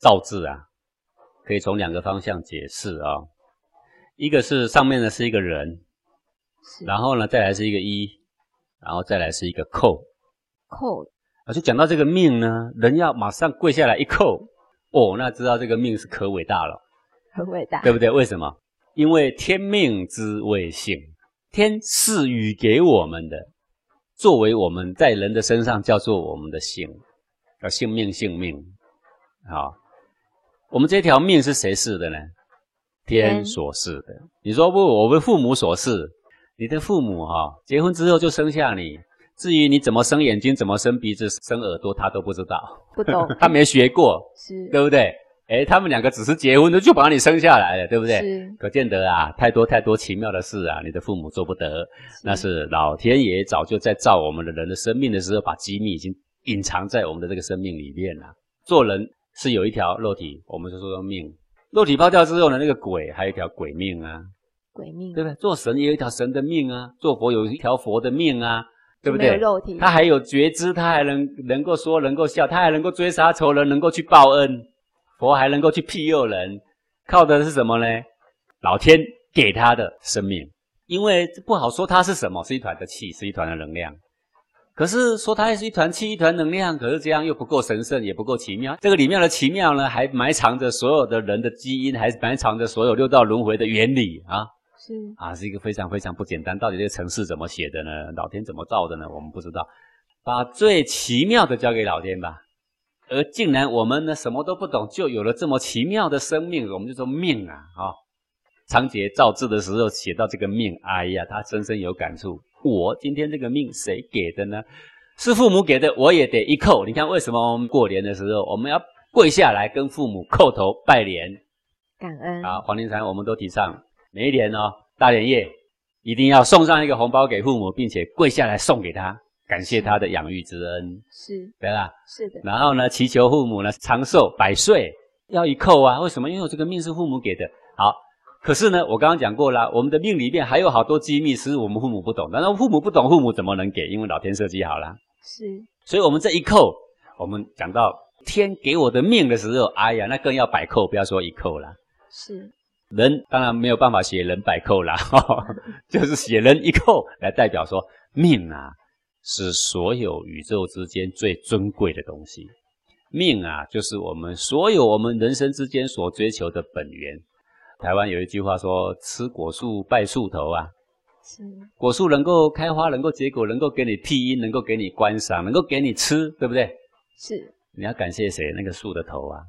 造字啊，可以從兩個方向解釋啊，哦。一個是上面呢是一個人，然後呢再來是一個一，然後再來是一個扣。扣扣，而且講到這個“命”呢，人要馬上跪下來一扣。哦，那知道這個命是可偉大了，很偉大，對不對？為什麼？因為天命之謂性，天賜予給我們的，作為我們在人的身上叫做我們的性。要性命，性命。好，我們這條命是誰賜的呢？天所賜的。你說不，我們父母所賜。你的父母哈、哦，結婚之後就生下你。至於你怎麼生眼睛，怎麼生鼻子，生耳朵，他都不知道，不懂， 他沒學過，是對不對？誒，他們兩個只是結婚的，就把你生下來了，對不對？是。可見得啊，太多太多奇妙的事啊！你的父母做不得，那是老天爺早就在造我們的人的生命的時候，把機密已經。隱藏在我們的這個生命裡面吶、啊。做人是有一條肉體，我們就說，說命。肉體拋掉之後呢，那個鬼還有一條鬼命啊。鬼命，對不對？做神也有一條神的命啊，做佛有一條佛的命啊，對不對？沒有肉體，他還有覺知，他還能能夠說，能夠笑，他還能夠追殺仇人，能夠去報恩。佛還能夠去庇佑人，靠的是什麼呢？老天給他的生命，因為不好說他是什麼，是一團的氣，是一團的能量。可是說它是一團氣，一團能量，可是這樣又不夠神聖，也不夠奇妙。這個裡面的奇妙呢，還埋藏着所有的人的基因，還埋藏着所有六道輪回的原理啊！是啊，是一個非常非常不簡單。到底這個城市怎麼寫的呢？老天怎麼造的呢？我們不知道，把最奇妙的交給老天吧。而竟然我們呢什麼都不懂，就有了這麼奇妙的生命，我們就說命啊啊！倉頡造字的時候寫到這個命、啊，哎呀，他深深有感觸。我今天這個命誰給的呢？是父母給的，我也得一叩。你看，為什麼我們過年的時候我們要跪下來跟父母叩頭拜年，感恩。好，黃庭禪我們都提倡，每一年哦，大年夜一定要送上一個紅包給父母，並且跪下來送給他，感謝他的養育之恩，是，對吧？是的。然後呢，祈求父母呢長壽百歲，要一叩啊。為什麼？因為我這個命是父母給的，好。可是呢，我剛剛講過了，我們的命裡面還有好多機密，是我們父母不懂的。那父母不懂，父母怎麼能給？因為老天設計好了，是。所以，我們這一扣，我們講到天給我的命的時候，哎呀，那更要百扣，不要說一扣了。是。人當然沒有辦法寫人百扣了，呵呵 就是寫人一扣來代表說，命啊，是所有宇宙之間最尊貴的東西。命啊，就是我們所有我們人生之間所追求的本源。台灣有一句話說：“吃果樹拜樹頭啊！”是果樹能夠開花，能夠結果，能夠給你庇蔭，能夠給你觀賞，能夠給你吃，對不對？是你要感謝誰？那個樹的頭啊！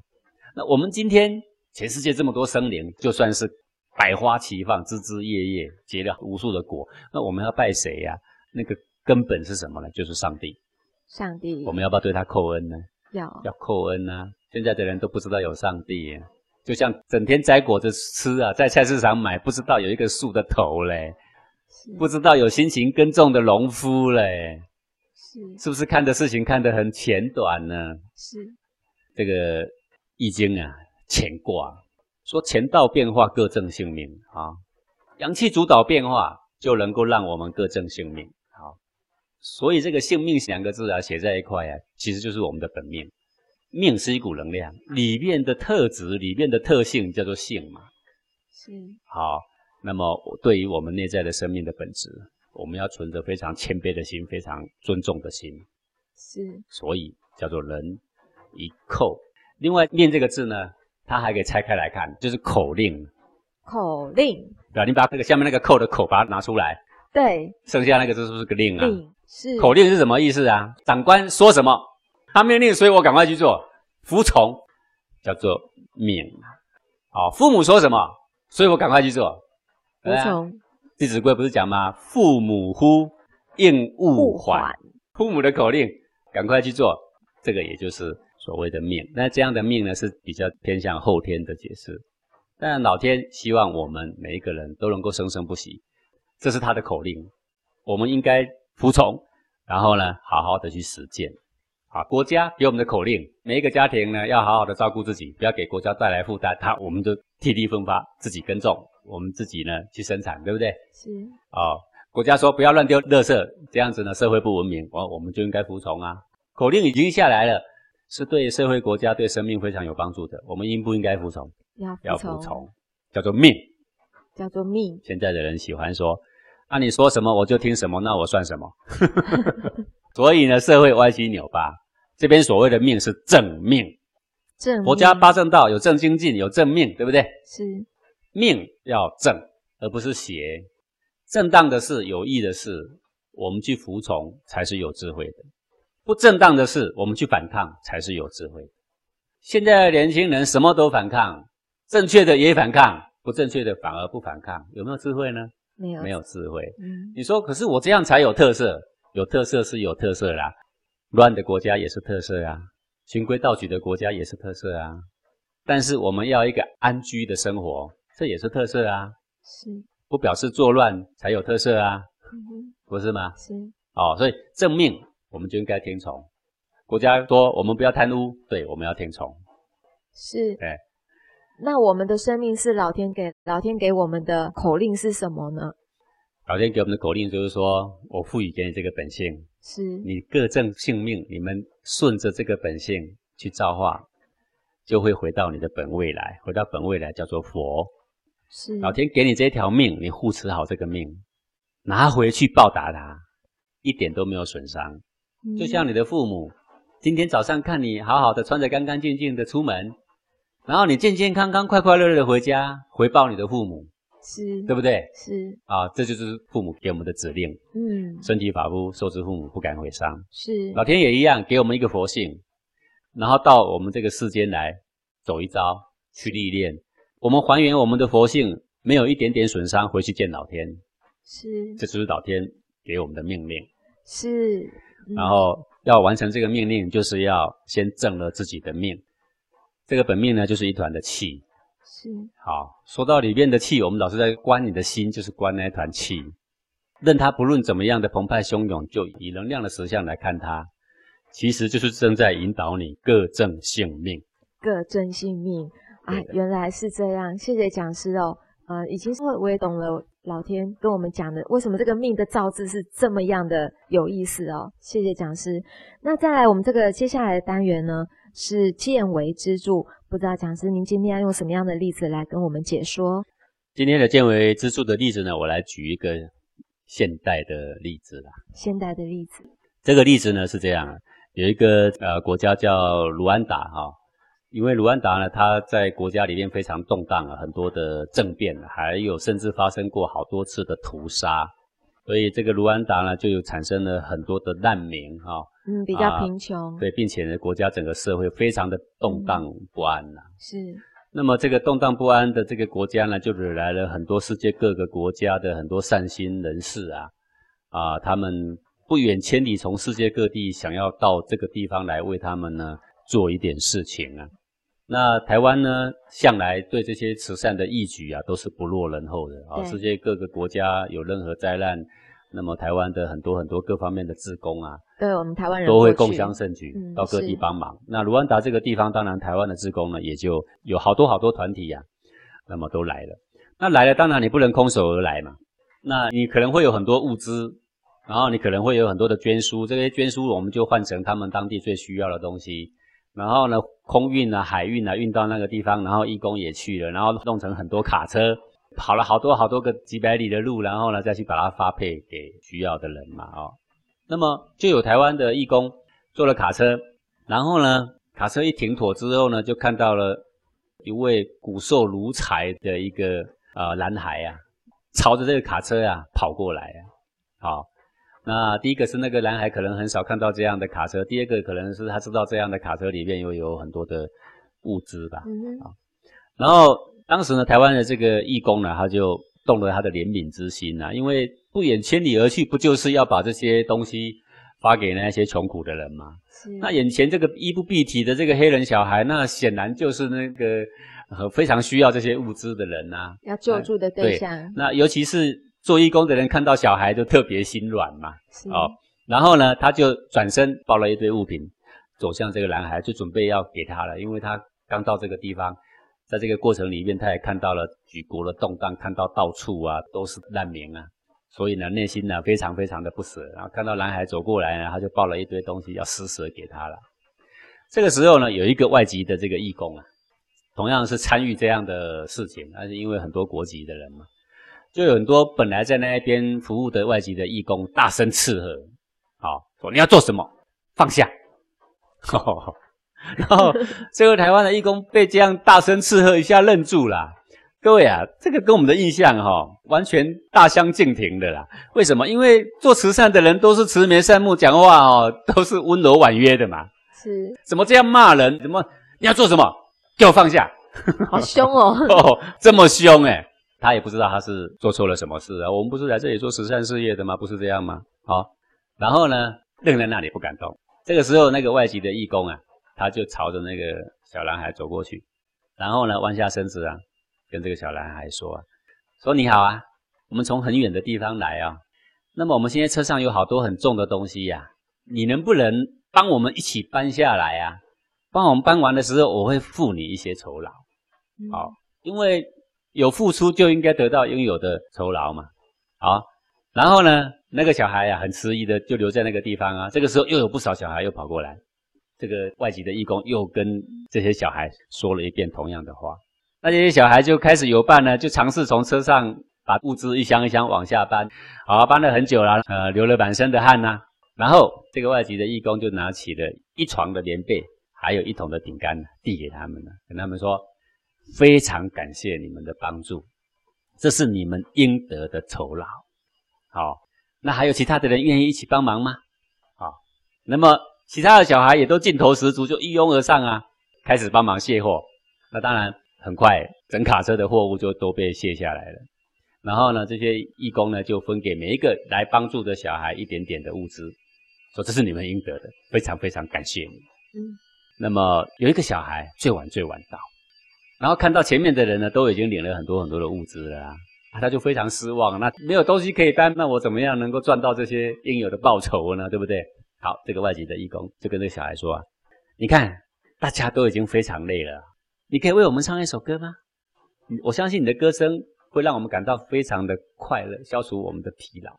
那我們今天全世界這麼多生靈，就算是百花齊放，枝枝葉葉結了無數的果，那我們要拜誰呀、啊？那個根本是什麼呢？就是上帝。上帝我們要不要對他叩恩呢？要，要叩恩啊！現在的人都不知道有上帝、啊。就像整天摘果子吃啊，在菜市場買，不知道有一個樹的頭嘞，不知道有辛勤耕種的農夫嘞，是是不是看的事情看得很淺短呢？是。這個《易經》啊，乾卦說“乾道變化，各正性命”啊，陽氣主導變化，就能夠讓我們各正性命。好，所以這個“性命”兩個字啊，寫在一塊啊，其實就是我們的本命。命是一股能量，裡面的特質，裡面的特性叫做性嘛。是。好，那麼對於我們內在的生命的本質，我們要存着非常謙卑的心，非常尊重的心。是。所以叫做人一叩，另外，命這個字呢，它還可以拆開來看，就是口令。口令。對，你把這個下面那個叩的口把它拿出來。對。剩下那個字是不是個令啊？令。是。口令是什麼意思啊？長官說什麼？他命令，所以我趕快去做，服從，叫做命。好，父母說什麼，所以我趕快去做，服從，啊《弟子規》不是講嗎？父母呼，應勿緩，應勿緩。父母的口令，趕快去做，這個也就是所謂的命。那這樣的命呢，是比較偏向後天的解釋。但老天希望我們每一個人都能夠生生不息，這是他的口令，我們應該服從，然後呢，好好的去實踐。啊，國家給我們的口令，每一個家庭呢，要好好的照顧自己，不要給國家帶來負擔。他，我們就替力分發，自己耕種，我們自己呢去生產，對不對？是。哦，國家說不要亂丟垃圾，這樣子呢，社會不文明，我我們就應該服從啊。口令已經下來了，是對社會、國家、對生命非常有幫助的。我們應不應該服從？要服從。叫做命。叫做命。現在的人喜歡說，啊，你說什麼我就聽什麼，那我算什麼？ 所以呢，社會歪七扭八。這邊所謂的命是正命，正命。國家八正道有正精進，有正命，對不對？是命要正，而不是邪。正當的事、有益的事，我們去服從才是有智慧的；不正當的事，我們去反抗才是有智慧的。現在的年輕人什麼都反抗，正確的也反抗，不正確的反而不反抗，有沒有智慧呢？沒有，沒有智慧。嗯，你說，可是我這樣才有特色。有特色是有特色啦，亂的國家也是特色啊，循規蹈矩的國家也是特色啊。但是我們要一個安居的生活，這也是特色啊。是，不表示作亂才有特色啊？嗯、不是嗎？是哦，所以正命我們就應該聽從，國家說我們不要貪污，對，我們要聽從。是哎，那我們的生命是老天給老天給我們的口令是什麼呢？老天給我們的口令就是說，我賦予給你這個本性，是你各正性命，你們順着這個本性去造化，就會回到你的本位來，回到本位來叫做佛。是老天給你這一條命，你護持好這個命，拿回去報答他，一點都沒有損傷。嗯。就像你的父母，今天早上看你好好的，穿着乾乾淨淨的出門，然後你健健康康、康，快快樂樂的回家，回報你的父母。是，對不對？是啊，這就是父母給我們的指令。嗯，身體髮膚，受之父母，不敢毀傷。是，老天也一樣給我們一個佛性，然後到我們這個世間來走一遭，去歷練。我們還原我們的佛性，沒有一點點損傷，回去見老天。是，這就是老天給我們的命令。是，然後、嗯、要完成這個命令，就是要先正了自己的命。這個本命呢，就是一團的氣。是好，說到裡面的氣，我們老是在關你的心，就是關那一團氣，任它不論怎麼樣的澎湃洶湧，就以能量的實相來看它，其實就是正在引導你各正性命。各正性命啊，原來是這樣，謝謝講師哦。呃，以前我也懂了，老天跟我們講的，為什麼這個命的造字是這麼樣的有意思哦。謝謝講師。那再來，我們這個接下來的單元呢，是見微知著不知道講師您今天要用什麼樣的例子來跟我們解說？今天的見微知著的例子呢，我來舉一個現代的例子啦。現代的例子，這個例子呢是這樣，有一個呃國家叫盧安達哈、哦，因為盧安達呢，它在國家裡面非常動盪啊，很多的政變，還有甚至發生過好多次的屠殺。所以這個盧安達呢，就有產生了很多的難民哈、啊，嗯，比較貧窮、啊，對，並且呢，國家整個社會非常的動盪不安吶、啊嗯。是，那麼這個動盪不安的這個國家呢，就惹來了很多世界各個國家的很多善心人士啊，啊，他們不遠千里從世界各地想要到這個地方來為他們呢做一點事情啊。那台灣呢，向來對這些慈善的義舉啊，都是不落人後的啊。世界各個國家有任何災難，那麼台灣的很多很多各方面的志工啊，對我們台灣人都會共襄盛舉，到各地幫忙。嗯、那盧安達這個地方，當然台灣的志工呢，也就有好多好多團體呀、啊，那麼都來了。那來了，當然你不能空手而來嘛，那你可能會有很多物資，然後你可能會有很多的捐書，這些捐書我們就換成他們當地最需要的東西。然後呢，空運啊，海運啊，運到那個地方，然後義工也去了，然後弄成很多卡車，跑了好多好多個幾百里的路，然後呢，再去把它發配給需要的人嘛，哦，那麼就有台灣的義工坐了卡車，然後呢，卡車一停妥之後呢，就看到了一位骨瘦如柴的一個呃男孩啊，朝着這個卡車啊跑過來啊，好、哦。那第一個是那個男孩，可能很少看到這樣的卡車。第二個可能是他知道這樣的卡車裡面又有很多的物資吧。嗯，然後當時呢，台灣的這個義工呢，他就動了他的憐憫之心吶、啊，因為不遠千里而去，不就是要把這些東西發給那些窮苦的人嗎？是。那眼前這個衣不蔽體的這個黑人小孩，那顯然就是那個和非常需要這些物資的人吶、啊，要救助的對象。那，那尤其是。做義工的人看到小孩就特別心軟嘛，哦，然後呢，他就轉身抱了一堆物品，走向這個男孩，就準備要給他了，因為他剛到這個地方，在這個過程裡面，他也看到了舉國的動盪，看到到處啊都是難民啊，所以呢，內心呢非常非常的不捨。然後看到男孩走過來呢，他就抱了一堆東西要施捨給他了。這個時候呢，有一個外籍的這個義工啊，同樣是參與這樣的事情，但是因為很多國籍的人嘛。就有很多本來在那一邊服務的外籍的義工，大聲斥喝：“好，你要做什麼？放下！”然後，這位台灣的義工被這樣大聲斥喝一下，愣住了。各位啊，這個跟我們的印象哈、哦，完全大相徑庭的啦。為什麼？因為做慈善的人都是慈眉善目，講話哦都是溫柔婉約的嘛。是，怎麼這樣罵人？怎麼你要做什麼？給我放下！好凶哦，哦，這麼凶哎、欸。他也不知道他是做錯了什麼事啊！我們不是來這裡做慈善事業的嗎？不是這樣嗎？好，然後呢，愣在那裡不敢動。這個時候，那個外籍的義工啊，他就朝着那個小男孩走過去，然後呢，彎下身子啊，跟這個小男孩說啊：“說你好啊，我們從很遠的地方來啊。那麼我們現在車上有好多很重的東西呀，你能不能幫我們一起搬下來啊？幫我們搬完的時候，我會付你一些酬勞。好，因為。”有付出就應該得到應有的酬勞嘛，好，然後呢，那個小孩啊，很遲疑的就留在那個地方啊。這個時候又有不少小孩又跑過來，這個外籍的義工又跟這些小孩說了一遍同樣的話，那這些小孩就開始有伴呢，就嘗試從車上把物資一箱一箱往下搬，好，搬了很久了，呃，流了滿身的汗吶、啊。然後這個外籍的義工就拿起了一床的棉被，還有一桶的餅乾，遞給他們了，跟他們說。非常感謝你們的幫助，這是你們應得的酬勞。好，那還有其他的人願意一起幫忙嗎？好，那麼其他的小孩也都勁頭十足，就一擁而上啊，開始幫忙卸貨。那當然，很快整卡車的貨物就都被卸下來了。然後呢，這些義工呢就分給每一個來幫助的小孩一點點的物資，說這是你們應得的，非常非常感謝你們。嗯，那麼有一個小孩最晚最晚到。然後看到前面的人呢，都已經領了很多很多的物資了啊，啊，他就非常失望。那沒有東西可以搬，那我怎麼樣能夠賺到這些應有的報酬呢？對不對？好，這個外籍的義工就跟這個小孩說啊：“你看，大家都已經非常累了，你可以為我們唱一首歌嗎？我相信你的歌聲會讓我們感到非常的快樂，消除我們的疲勞。”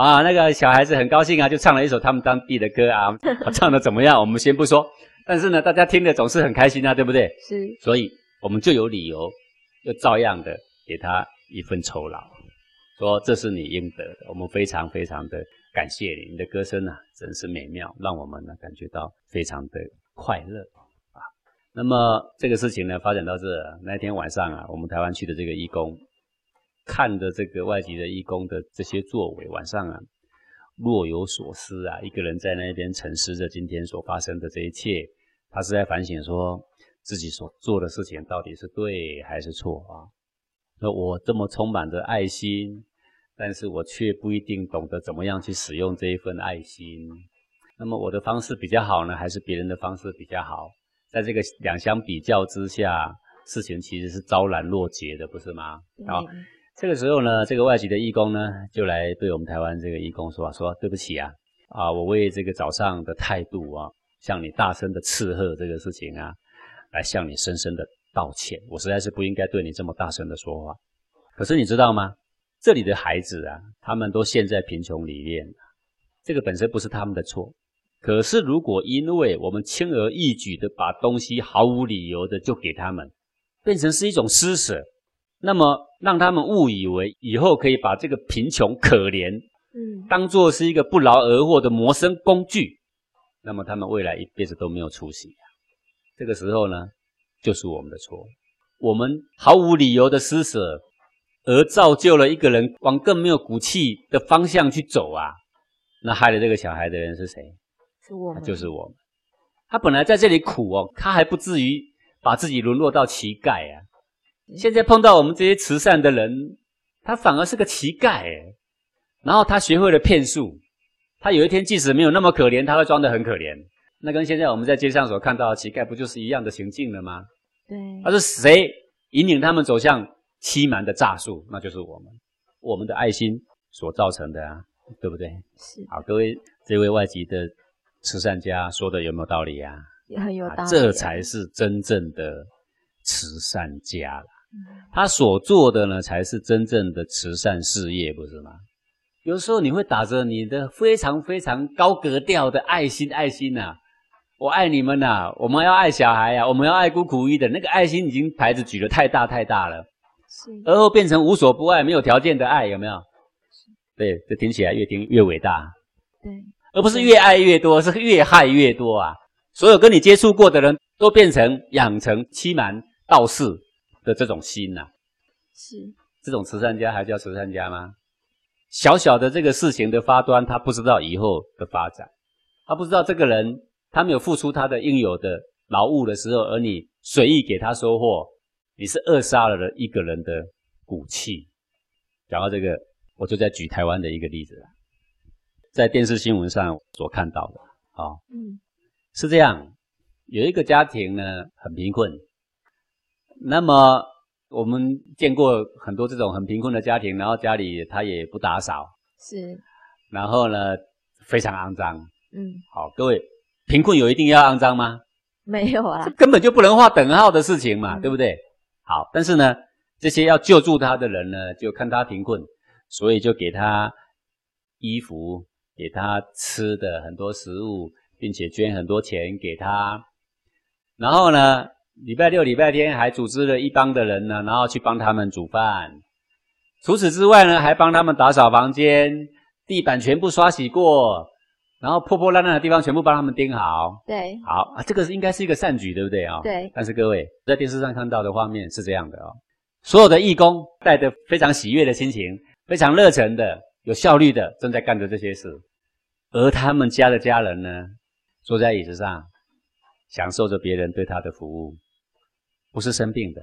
啊，那個小孩子很高興啊，就唱了一首他們當地的歌啊。唱得怎麼樣？ 我們先不說，但是呢，大家聽着總是很開心啊，對不對？是，所以。我們就有理由，要照樣的給他一份酬勞，說這是你應得的。我們非常非常的感謝你，你的歌聲啊，真是美妙，讓我們呢感覺到非常的快樂啊。那麼這個事情呢，發展到這，那天晚上啊，我們台灣去的這個義工，看着這個外籍的義工的這些作為，晚上啊若有所思啊，一個人在那邊沉思着今天所發生的這一切，他是在反省說。自己所做的事情到底是對還是錯啊？那我這麼充滿着愛心，但是我卻不一定懂得怎麼樣去使用這一份愛心。那麼我的方式比較好呢，還是別人的方式比較好？在這個兩相比較之下，事情其實是昭然若揭的，不是嗎、嗯？好，這個時候呢，這個外籍的義工呢，就來對我們台灣這個義工說：“啊，說對不起啊，啊，我為這個早上的態度啊，向你大聲的斥喝這個事情啊。”來向你深深的道歉，我實在是不應該對你這麼大聲的說話。可是你知道嗎？這裡的孩子啊，他們都陷在貧窮裡面。這個本身不是他們的錯。可是如果因為我們輕而易舉的把東西毫無理由的就給他們，變成是一種施舍，那麼讓他們誤以為以後可以把這個貧窮可憐，嗯，當做是一個不勞而獲的謀生工具，那麼他們未來一輩子都沒有出息。這個時候呢，就是我們的錯，我們毫無理由的施捨，而造就了一個人往更沒有骨氣的方向去走啊！那害了這個小孩的人是誰？是我們，他就是我們。他本來在這裡苦哦，他還不至於把自己淪落到乞丐啊。嗯，現在碰到我們這些慈善的人，他反而是個乞丐哎，欸。然後他學會了騙術，他有一天即使沒有那麼可憐，他會裝得很可憐。那跟現在我們在街上所看到的乞丐，不就是一樣的行徑了嗎？對。而是誰引領他們走向欺瞞的詐術？那就是我們，我們的愛心所造成的，啊，對不對？是。好，各位，這位外籍的慈善家說的有沒有道理啊？也很有道理啊。啊，這才是真正的慈善家啦，嗯。他所做的呢，才是真正的慈善事業，不是嗎？有時候你會打着你的非常非常高格調的愛心，愛心吶，啊。我愛你們吶、啊，我們要愛小孩呀、啊，我們要愛孤苦無依的那個愛心已經牌子舉得太大太大了，是而後變成無所不愛、沒有條件的愛，有沒有？是，對，這聽起來越聽越偉大，對，而不是越愛越多，是越害越多啊！所有跟你接觸過的人都變成養成欺瞞、道士的這種心吶、啊，是這種慈善家還叫慈善家嗎？小小的這個事情的發端，他不知道以後的發展，他不知道這個人。他沒有付出他的應有的勞務的時候，而你隨意給他收穫，你是扼殺了一個人的骨氣。講到這個，我就在舉台灣的一個例子，在電視新聞上所看到的，好，嗯，是這樣，有一個家庭呢很貧困，那麼我們見過很多這種很貧困的家庭，然後家裡他也不打掃，是，然後呢非常骯髒，嗯，好，各位。貧困有一定要骯髒嗎？沒有啊，這根本就不能劃等號的事情嘛，嗯，對不對？好，但是呢，這些要救助他的人呢，就看他貧困，所以就給他衣服，給他吃的很多食物，並且捐很多錢給他。然後呢，禮拜六、禮拜天還組織了一幫的人呢，然後去幫他們煮飯。除此之外呢，還幫他們打掃房間，地板全部刷洗過。然後破破爛爛的地方全部幫他們釘好。對，好啊，這個應該是一個善舉，對不對啊？對。但是各位在電視上看到的畫面是這樣的哦，所有的義工帶着非常喜悅的心情，非常熱誠的、有效率的，正在幹着這些事。而他們家的家人呢，坐在椅子上，享受着別人對他的服務，不是生病的，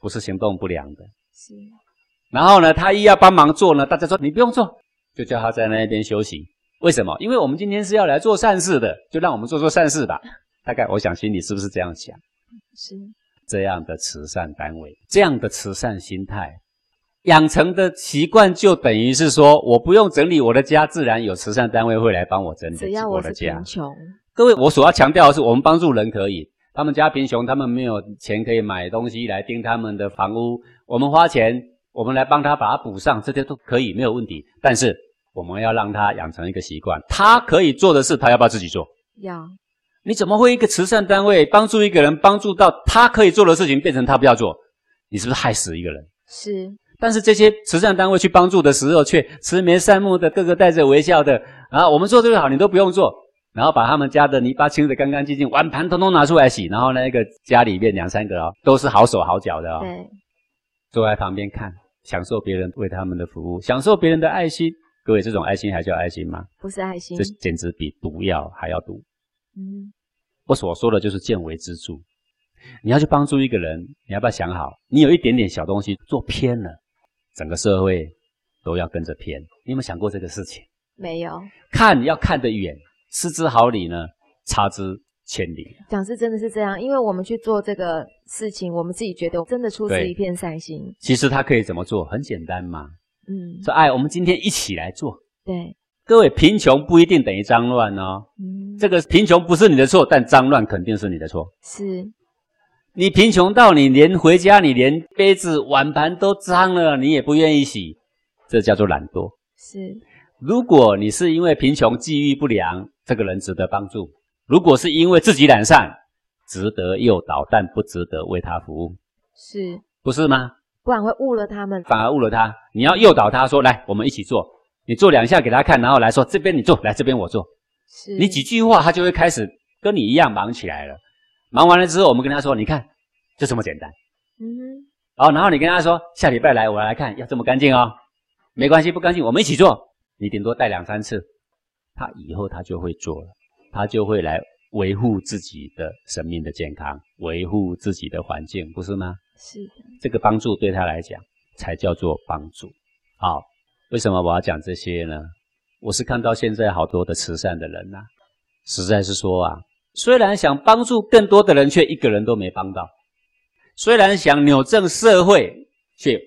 不是行動不良的。是。然後呢，他一要幫忙做呢，大家說你不用做，就叫他在那邊休息。為什麼？因為我們今天是要來做善事的，就讓我們做做善事吧。大概我想，心裡是不是這樣想？是這樣的慈善單位，這樣的慈善心態養成的習慣，就等於是說，我不用整理我的家，自然有慈善單位會來幫我整理我的家。只要我是貧窮。各位，我所要強調的是，我們幫助人可以，他們家貧窮，他們沒有錢可以買東西來釘他們的房屋，我們花錢，我們來幫他把它補上，這些都可以，沒有問題。但是。我們要讓他養成一個習慣，他可以做的事，他要不要自己做？要。你怎麼會一個慈善單位幫助一個人，幫助到他可以做的事情變成他不要做？你是不是害死一個人？是。但是這些慈善單位去幫助的時候，卻慈眉善目的，個個帶着微笑的。然後我們做這個好，你都不用做，然後把他們家的泥巴清得乾乾淨淨，碗盤通通拿出來洗。然後那個家裡面兩三個哦，都是好手好腳的哦。對。坐在旁邊看，享受別人為他們的服務，享受別人的愛心。各位，這種愛心還叫愛心嗎？不是愛心，這簡直比毒藥還要毒。嗯，我所說的就是見微知著。你要去幫助一個人，你要不要想好？你有一點點小東西做偏了，整個社會都要跟着偏。你有沒有想過這個事情？沒有。看要看得遠，失之毫釐呢，差之千里。講是真的是這樣，因為我們去做這個事情，我們自己覺得真的出自一片善心。其實它可以怎麼做？很簡單嘛。嗯，說哎，我們今天一起來做。對，各位，貧窮不一定等於髒亂哦。嗯，這個貧窮不是你的錯，但髒亂肯定是你的錯。是，你貧窮到你連回家你連杯子碗盤都髒了，你也不願意洗，這叫做懶惰。是，如果你是因為貧窮際遇不良，這個人值得幫助；如果是因為自己懶散，值得誘導，但不值得為他服務。是，不是嗎？不然會誤了他們，反而誤了他。你要誘導他說：“來，我們一起做。你做兩下給他看，然後來說這邊你做，來這邊我做。是。你幾句話，他就會開始跟你一樣忙起來了。忙完了之後，我們跟他說：你看，就這麼簡單。嗯哼，然然後你跟他說：下禮拜來我來看，要這麼乾淨哦。沒關係，不乾淨我們一起做。你頂多帶兩三次，他以後他就會做了，他就會來維護自己的生命的健康，維護自己的環境，不是嗎？”是的，這個幫助對他來講才叫做幫助。好，為什麼我要講這些呢？我是看到現在好多的慈善的人吶、啊，實在是說啊，雖然想幫助更多的人，卻一個人都沒幫到；雖然想扭正社會，卻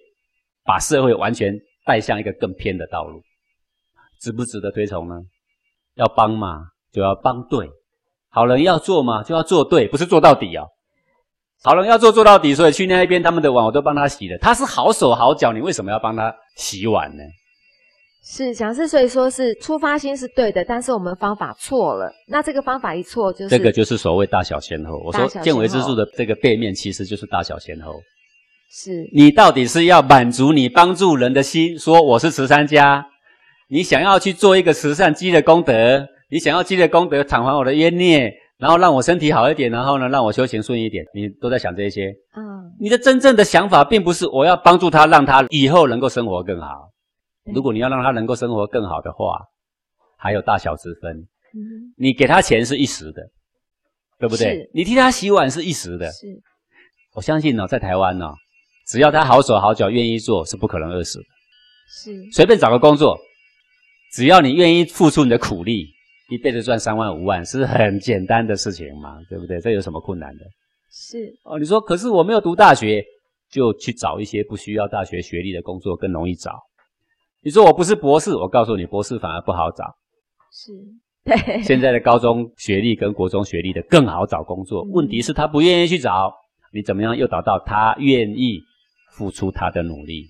把社會完全帶向一個更偏的道路，值不值得推崇呢？要幫嘛，就要幫對；好人要做嘛，就要做對，不是做到底啊、哦。好人要做做到底，所以去那一邊，他們的碗我都幫他洗了。他是好手好腳，你為什麼要幫他洗碗呢？是，想是，所以說是出發心是對的，但是我們的方法錯了。那這個方法一錯，就是這個就是所謂大小先後。先後我說，見微知著的這個背面其實就是大小先後。是你到底是要滿足你幫助人的心，說我是慈善家，你想要去做一個慈善積的功德，你想要積的功德償還我的冤孽。然後讓我身體好一點，然後呢，讓我修行順一點。你都在想這些、嗯，你的真正的想法並不是我要幫助他，讓他以後能夠生活更好。如果你要讓他能夠生活更好的話，還有大小之分。嗯、你給他錢是一時的，對不對？你替他洗碗是一時的。是，我相信呢、哦，在台灣呢、哦，只要他好手好腳，願意做是不可能餓死的。是，隨便找個工作，只要你願意付出你的苦力。一輩子賺三萬五萬是很簡單的事情嘛，對不對？這有什麼困難的？是哦，你說，可是我沒有讀大學，就去找一些不需要大學學歷的工作更容易找。你說我不是博士，我告訴你，博士反而不好找。是，對，現在的高中學歷跟國中學歷的更好找工作，嗯，問題是他不願意去找。你怎麼樣誘導到他願意付出他的努力，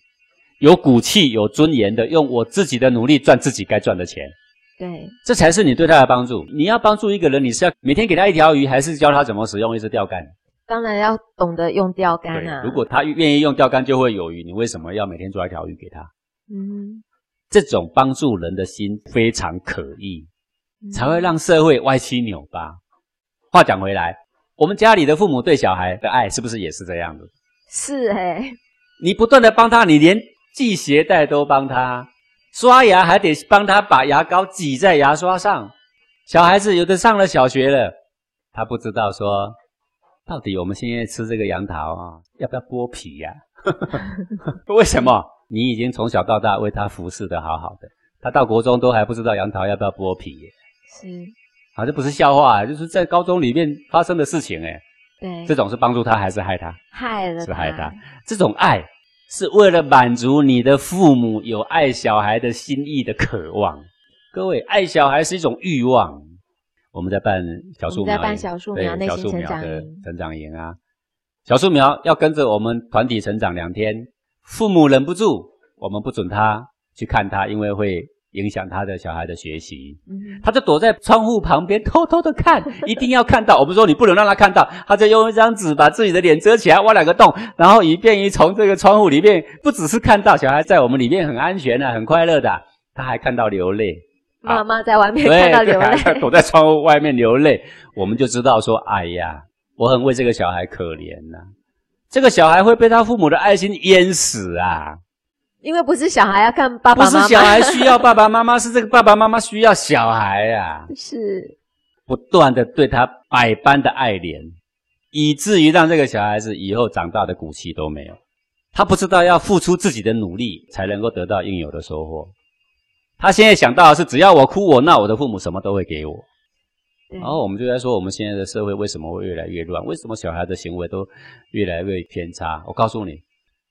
有骨氣、有尊嚴的，用我自己的努力賺自己該賺的錢。對，這才是你對他的幫助。你要幫助一個人，你是要每天給他一條魚，還是教他怎麼使用一支釣竿？當然要懂得用釣竿啊。對，如果他願意用釣竿，就會有魚。你為什麼要每天抓一條魚給他？嗯，這種幫助人的心非常可疑。嗯，才會讓社會歪七扭八。話講回來，我們家裡的父母對小孩的愛是不是也是這樣的？是、欸、你不斷的幫他，你連繫鞋帶都幫他。刷牙還得幫他把牙膏擠在牙刷上，小孩子有的上了小學了，他不知道說，到底我們現在吃這個楊桃啊，要不要剝皮呀？啊？為什麼？你已經從小到大為他服侍的好好的，他到國中都還不知道楊桃要不要剝皮？是，啊，這不是笑話，就是在高中裡面發生的事情誒。對，這種是幫助他還是害他？害的，是害他。這種愛，是為了滿足你的父母有愛小孩的心意的渴望。各位，愛小孩是一種慾望。我們在辦小樹苗，我們在辦小樹苗內心成長小樹苗的成長營啊。小樹苗要跟着我們團體成長兩天，父母忍不住，我們不准他去看他，因為會。影響他的小孩的學習，他就躲在窗戶旁邊偷偷地看，一定要看到。我不是說你不能讓他看到，他就用一張紙把自己的臉遮起來，挖兩個洞，然後以便於從這個窗戶裡面，不只是看到小孩在我們裡面很安全啊、很快樂的，他還看到流淚，媽媽在外面、啊、看到流淚，對躲在窗戶外面流淚，我們就知道說，哎呀，我很為這個小孩可憐吶、啊，這個小孩會被他父母的愛心淹死啊。因為不是小孩要看爸爸媽媽，不是小孩需要爸爸媽媽，是這個爸爸媽媽需要小孩呀、啊。是不斷的對他百般的愛憐，以至於讓這個小孩子以後長大的骨氣都沒有。他不知道要付出自己的努力才能夠得到應有的收穫。他現在想到的是只要我哭我鬧，我的父母什麼都會給我。然後我們就在說我們現在的社會為什麼會越來越亂？為什麼小孩的行為都越來越偏差？我告訴你。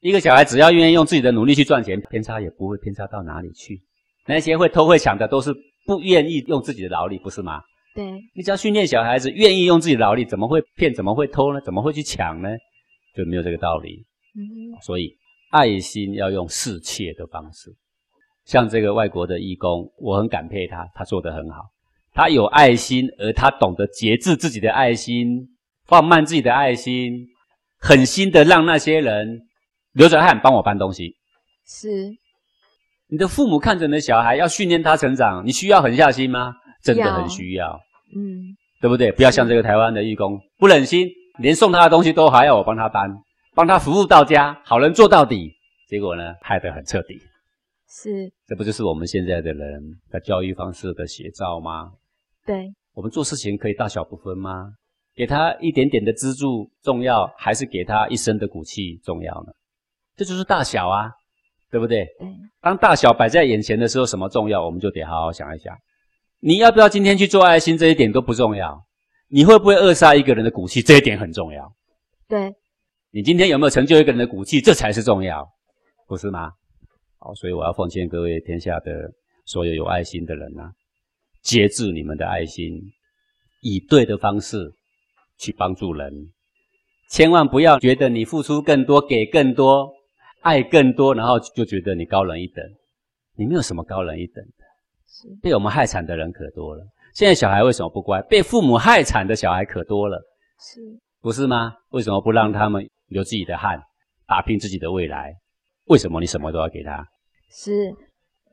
一個小孩只要願意用自己的努力去賺錢，偏差也不會偏差到哪裡去。那些會偷會搶的都是不願意用自己的勞力，不是嗎？對。你只要訓練小孩子願意用自己的勞力，怎麼會騙？怎麼會偷呢？怎麼會去搶呢？就沒有這個道理。嗯。所以愛心要用適切的方式，像這個外國的義工，我很感佩他，他做得很好。他有愛心，而他懂得節制自己的愛心，放慢自己的愛心，狠心的讓那些人。流着汗幫我搬東西，是你的父母看着你的小孩要訓練他成長，你需要狠下心嗎？真的很需要，要，嗯，對不對？不要像這個台灣的義工，嗯，不忍心，連送他的東西都還要我幫他搬，幫他服務到家，好人做到底，結果呢，害得很徹底。是，這不就是我們現在的人的教育方式的寫照嗎？對，我們做事情可以大小不分嗎？給他一點點的資助重要，還是給他一生的骨氣重要呢？這就是大小啊，對不對？對。當大小擺在眼前的時候，什麼重要，我們就得好好想一想。你要不要今天去做愛心，這一點都不重要。你會不會扼殺一個人的骨氣，這一點很重要。對。你今天有沒有成就一個人的骨氣，這才是重要，不是嗎？好，所以我要奉勸各位天下的所有有愛心的人啊，節制你們的愛心，以對的方式去幫助人，千萬不要覺得你付出更多，給更多。愛更多，然後就覺得你高人一等，你沒有什麼高人一等的，是。被我們害慘的人可多了。現在小孩為什麼不乖？被父母害慘的小孩可多了，是，不是嗎？為什麼不讓他們流自己的汗，打拼自己的未來？為什麼你什麼都要給他？是。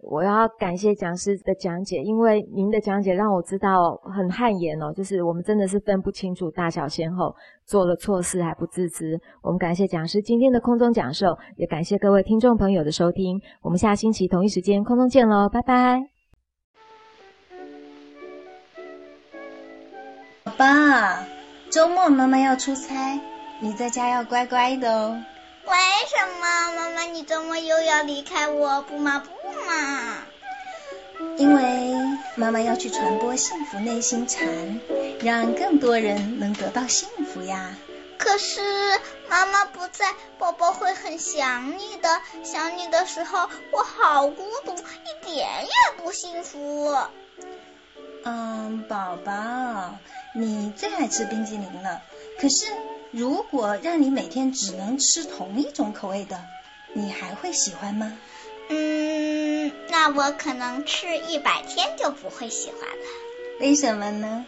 我要感謝講師的講解，因為您的講解讓我知道很汗顏哦，就是我們真的是分不清楚大小先後，做了錯事還不自知。我們感謝講師今天的空中講授，也感謝各位聽眾朋友的收聽。我們下星期同一時間空中見嘍，拜拜。爸爸，周末媽媽要出差，你在家要乖乖的哦。為什麼媽媽，你怎麼又要離開我？不嘛不嘛！因為媽媽要去傳播幸福內心禪，讓更多人能得到幸福呀。可是媽媽不在，寶寶會很想你的。想你的時候，我好孤獨，一點也不幸福。嗯，寶寶，你最愛吃冰激淩了，可是。如果讓你每天只能吃同一種口味的，你還會喜歡嗎？嗯，那我可能吃一百天就不會喜歡了。為什麼呢？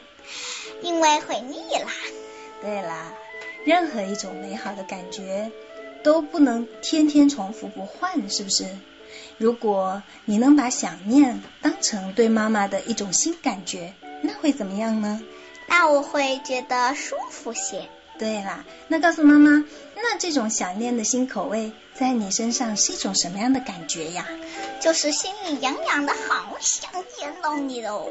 因為會膩了。對了，任何一種美好的感覺都不能天天重複不換，是不是？如果你能把想念當成對媽媽的一種新感覺，那會怎麼樣呢？那我會覺得舒服些。對了，那告訴媽媽，那這種想念的新口味在你身上是一種什麼樣的感覺呀？就是心裡癢癢的好，好想見到你哦。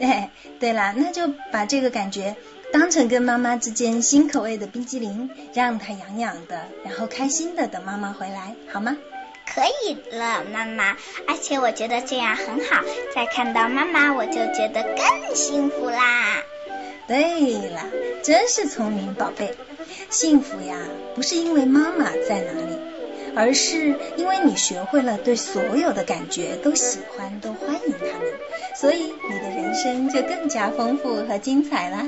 哎，對了，那就把這個感覺當成跟媽媽之間新口味的冰激凌，讓它癢癢的，然後開心的等媽媽回來，好嗎？可以了，媽媽，而且我覺得這樣很好，再看到媽媽我就覺得更幸福啦。對了，真是聰明，寶貝。幸福呀，不是因為媽媽在哪裡，而是因為你學會了對所有的感覺都喜歡、都歡迎他們，所以你的人生就更加豐富和精彩了。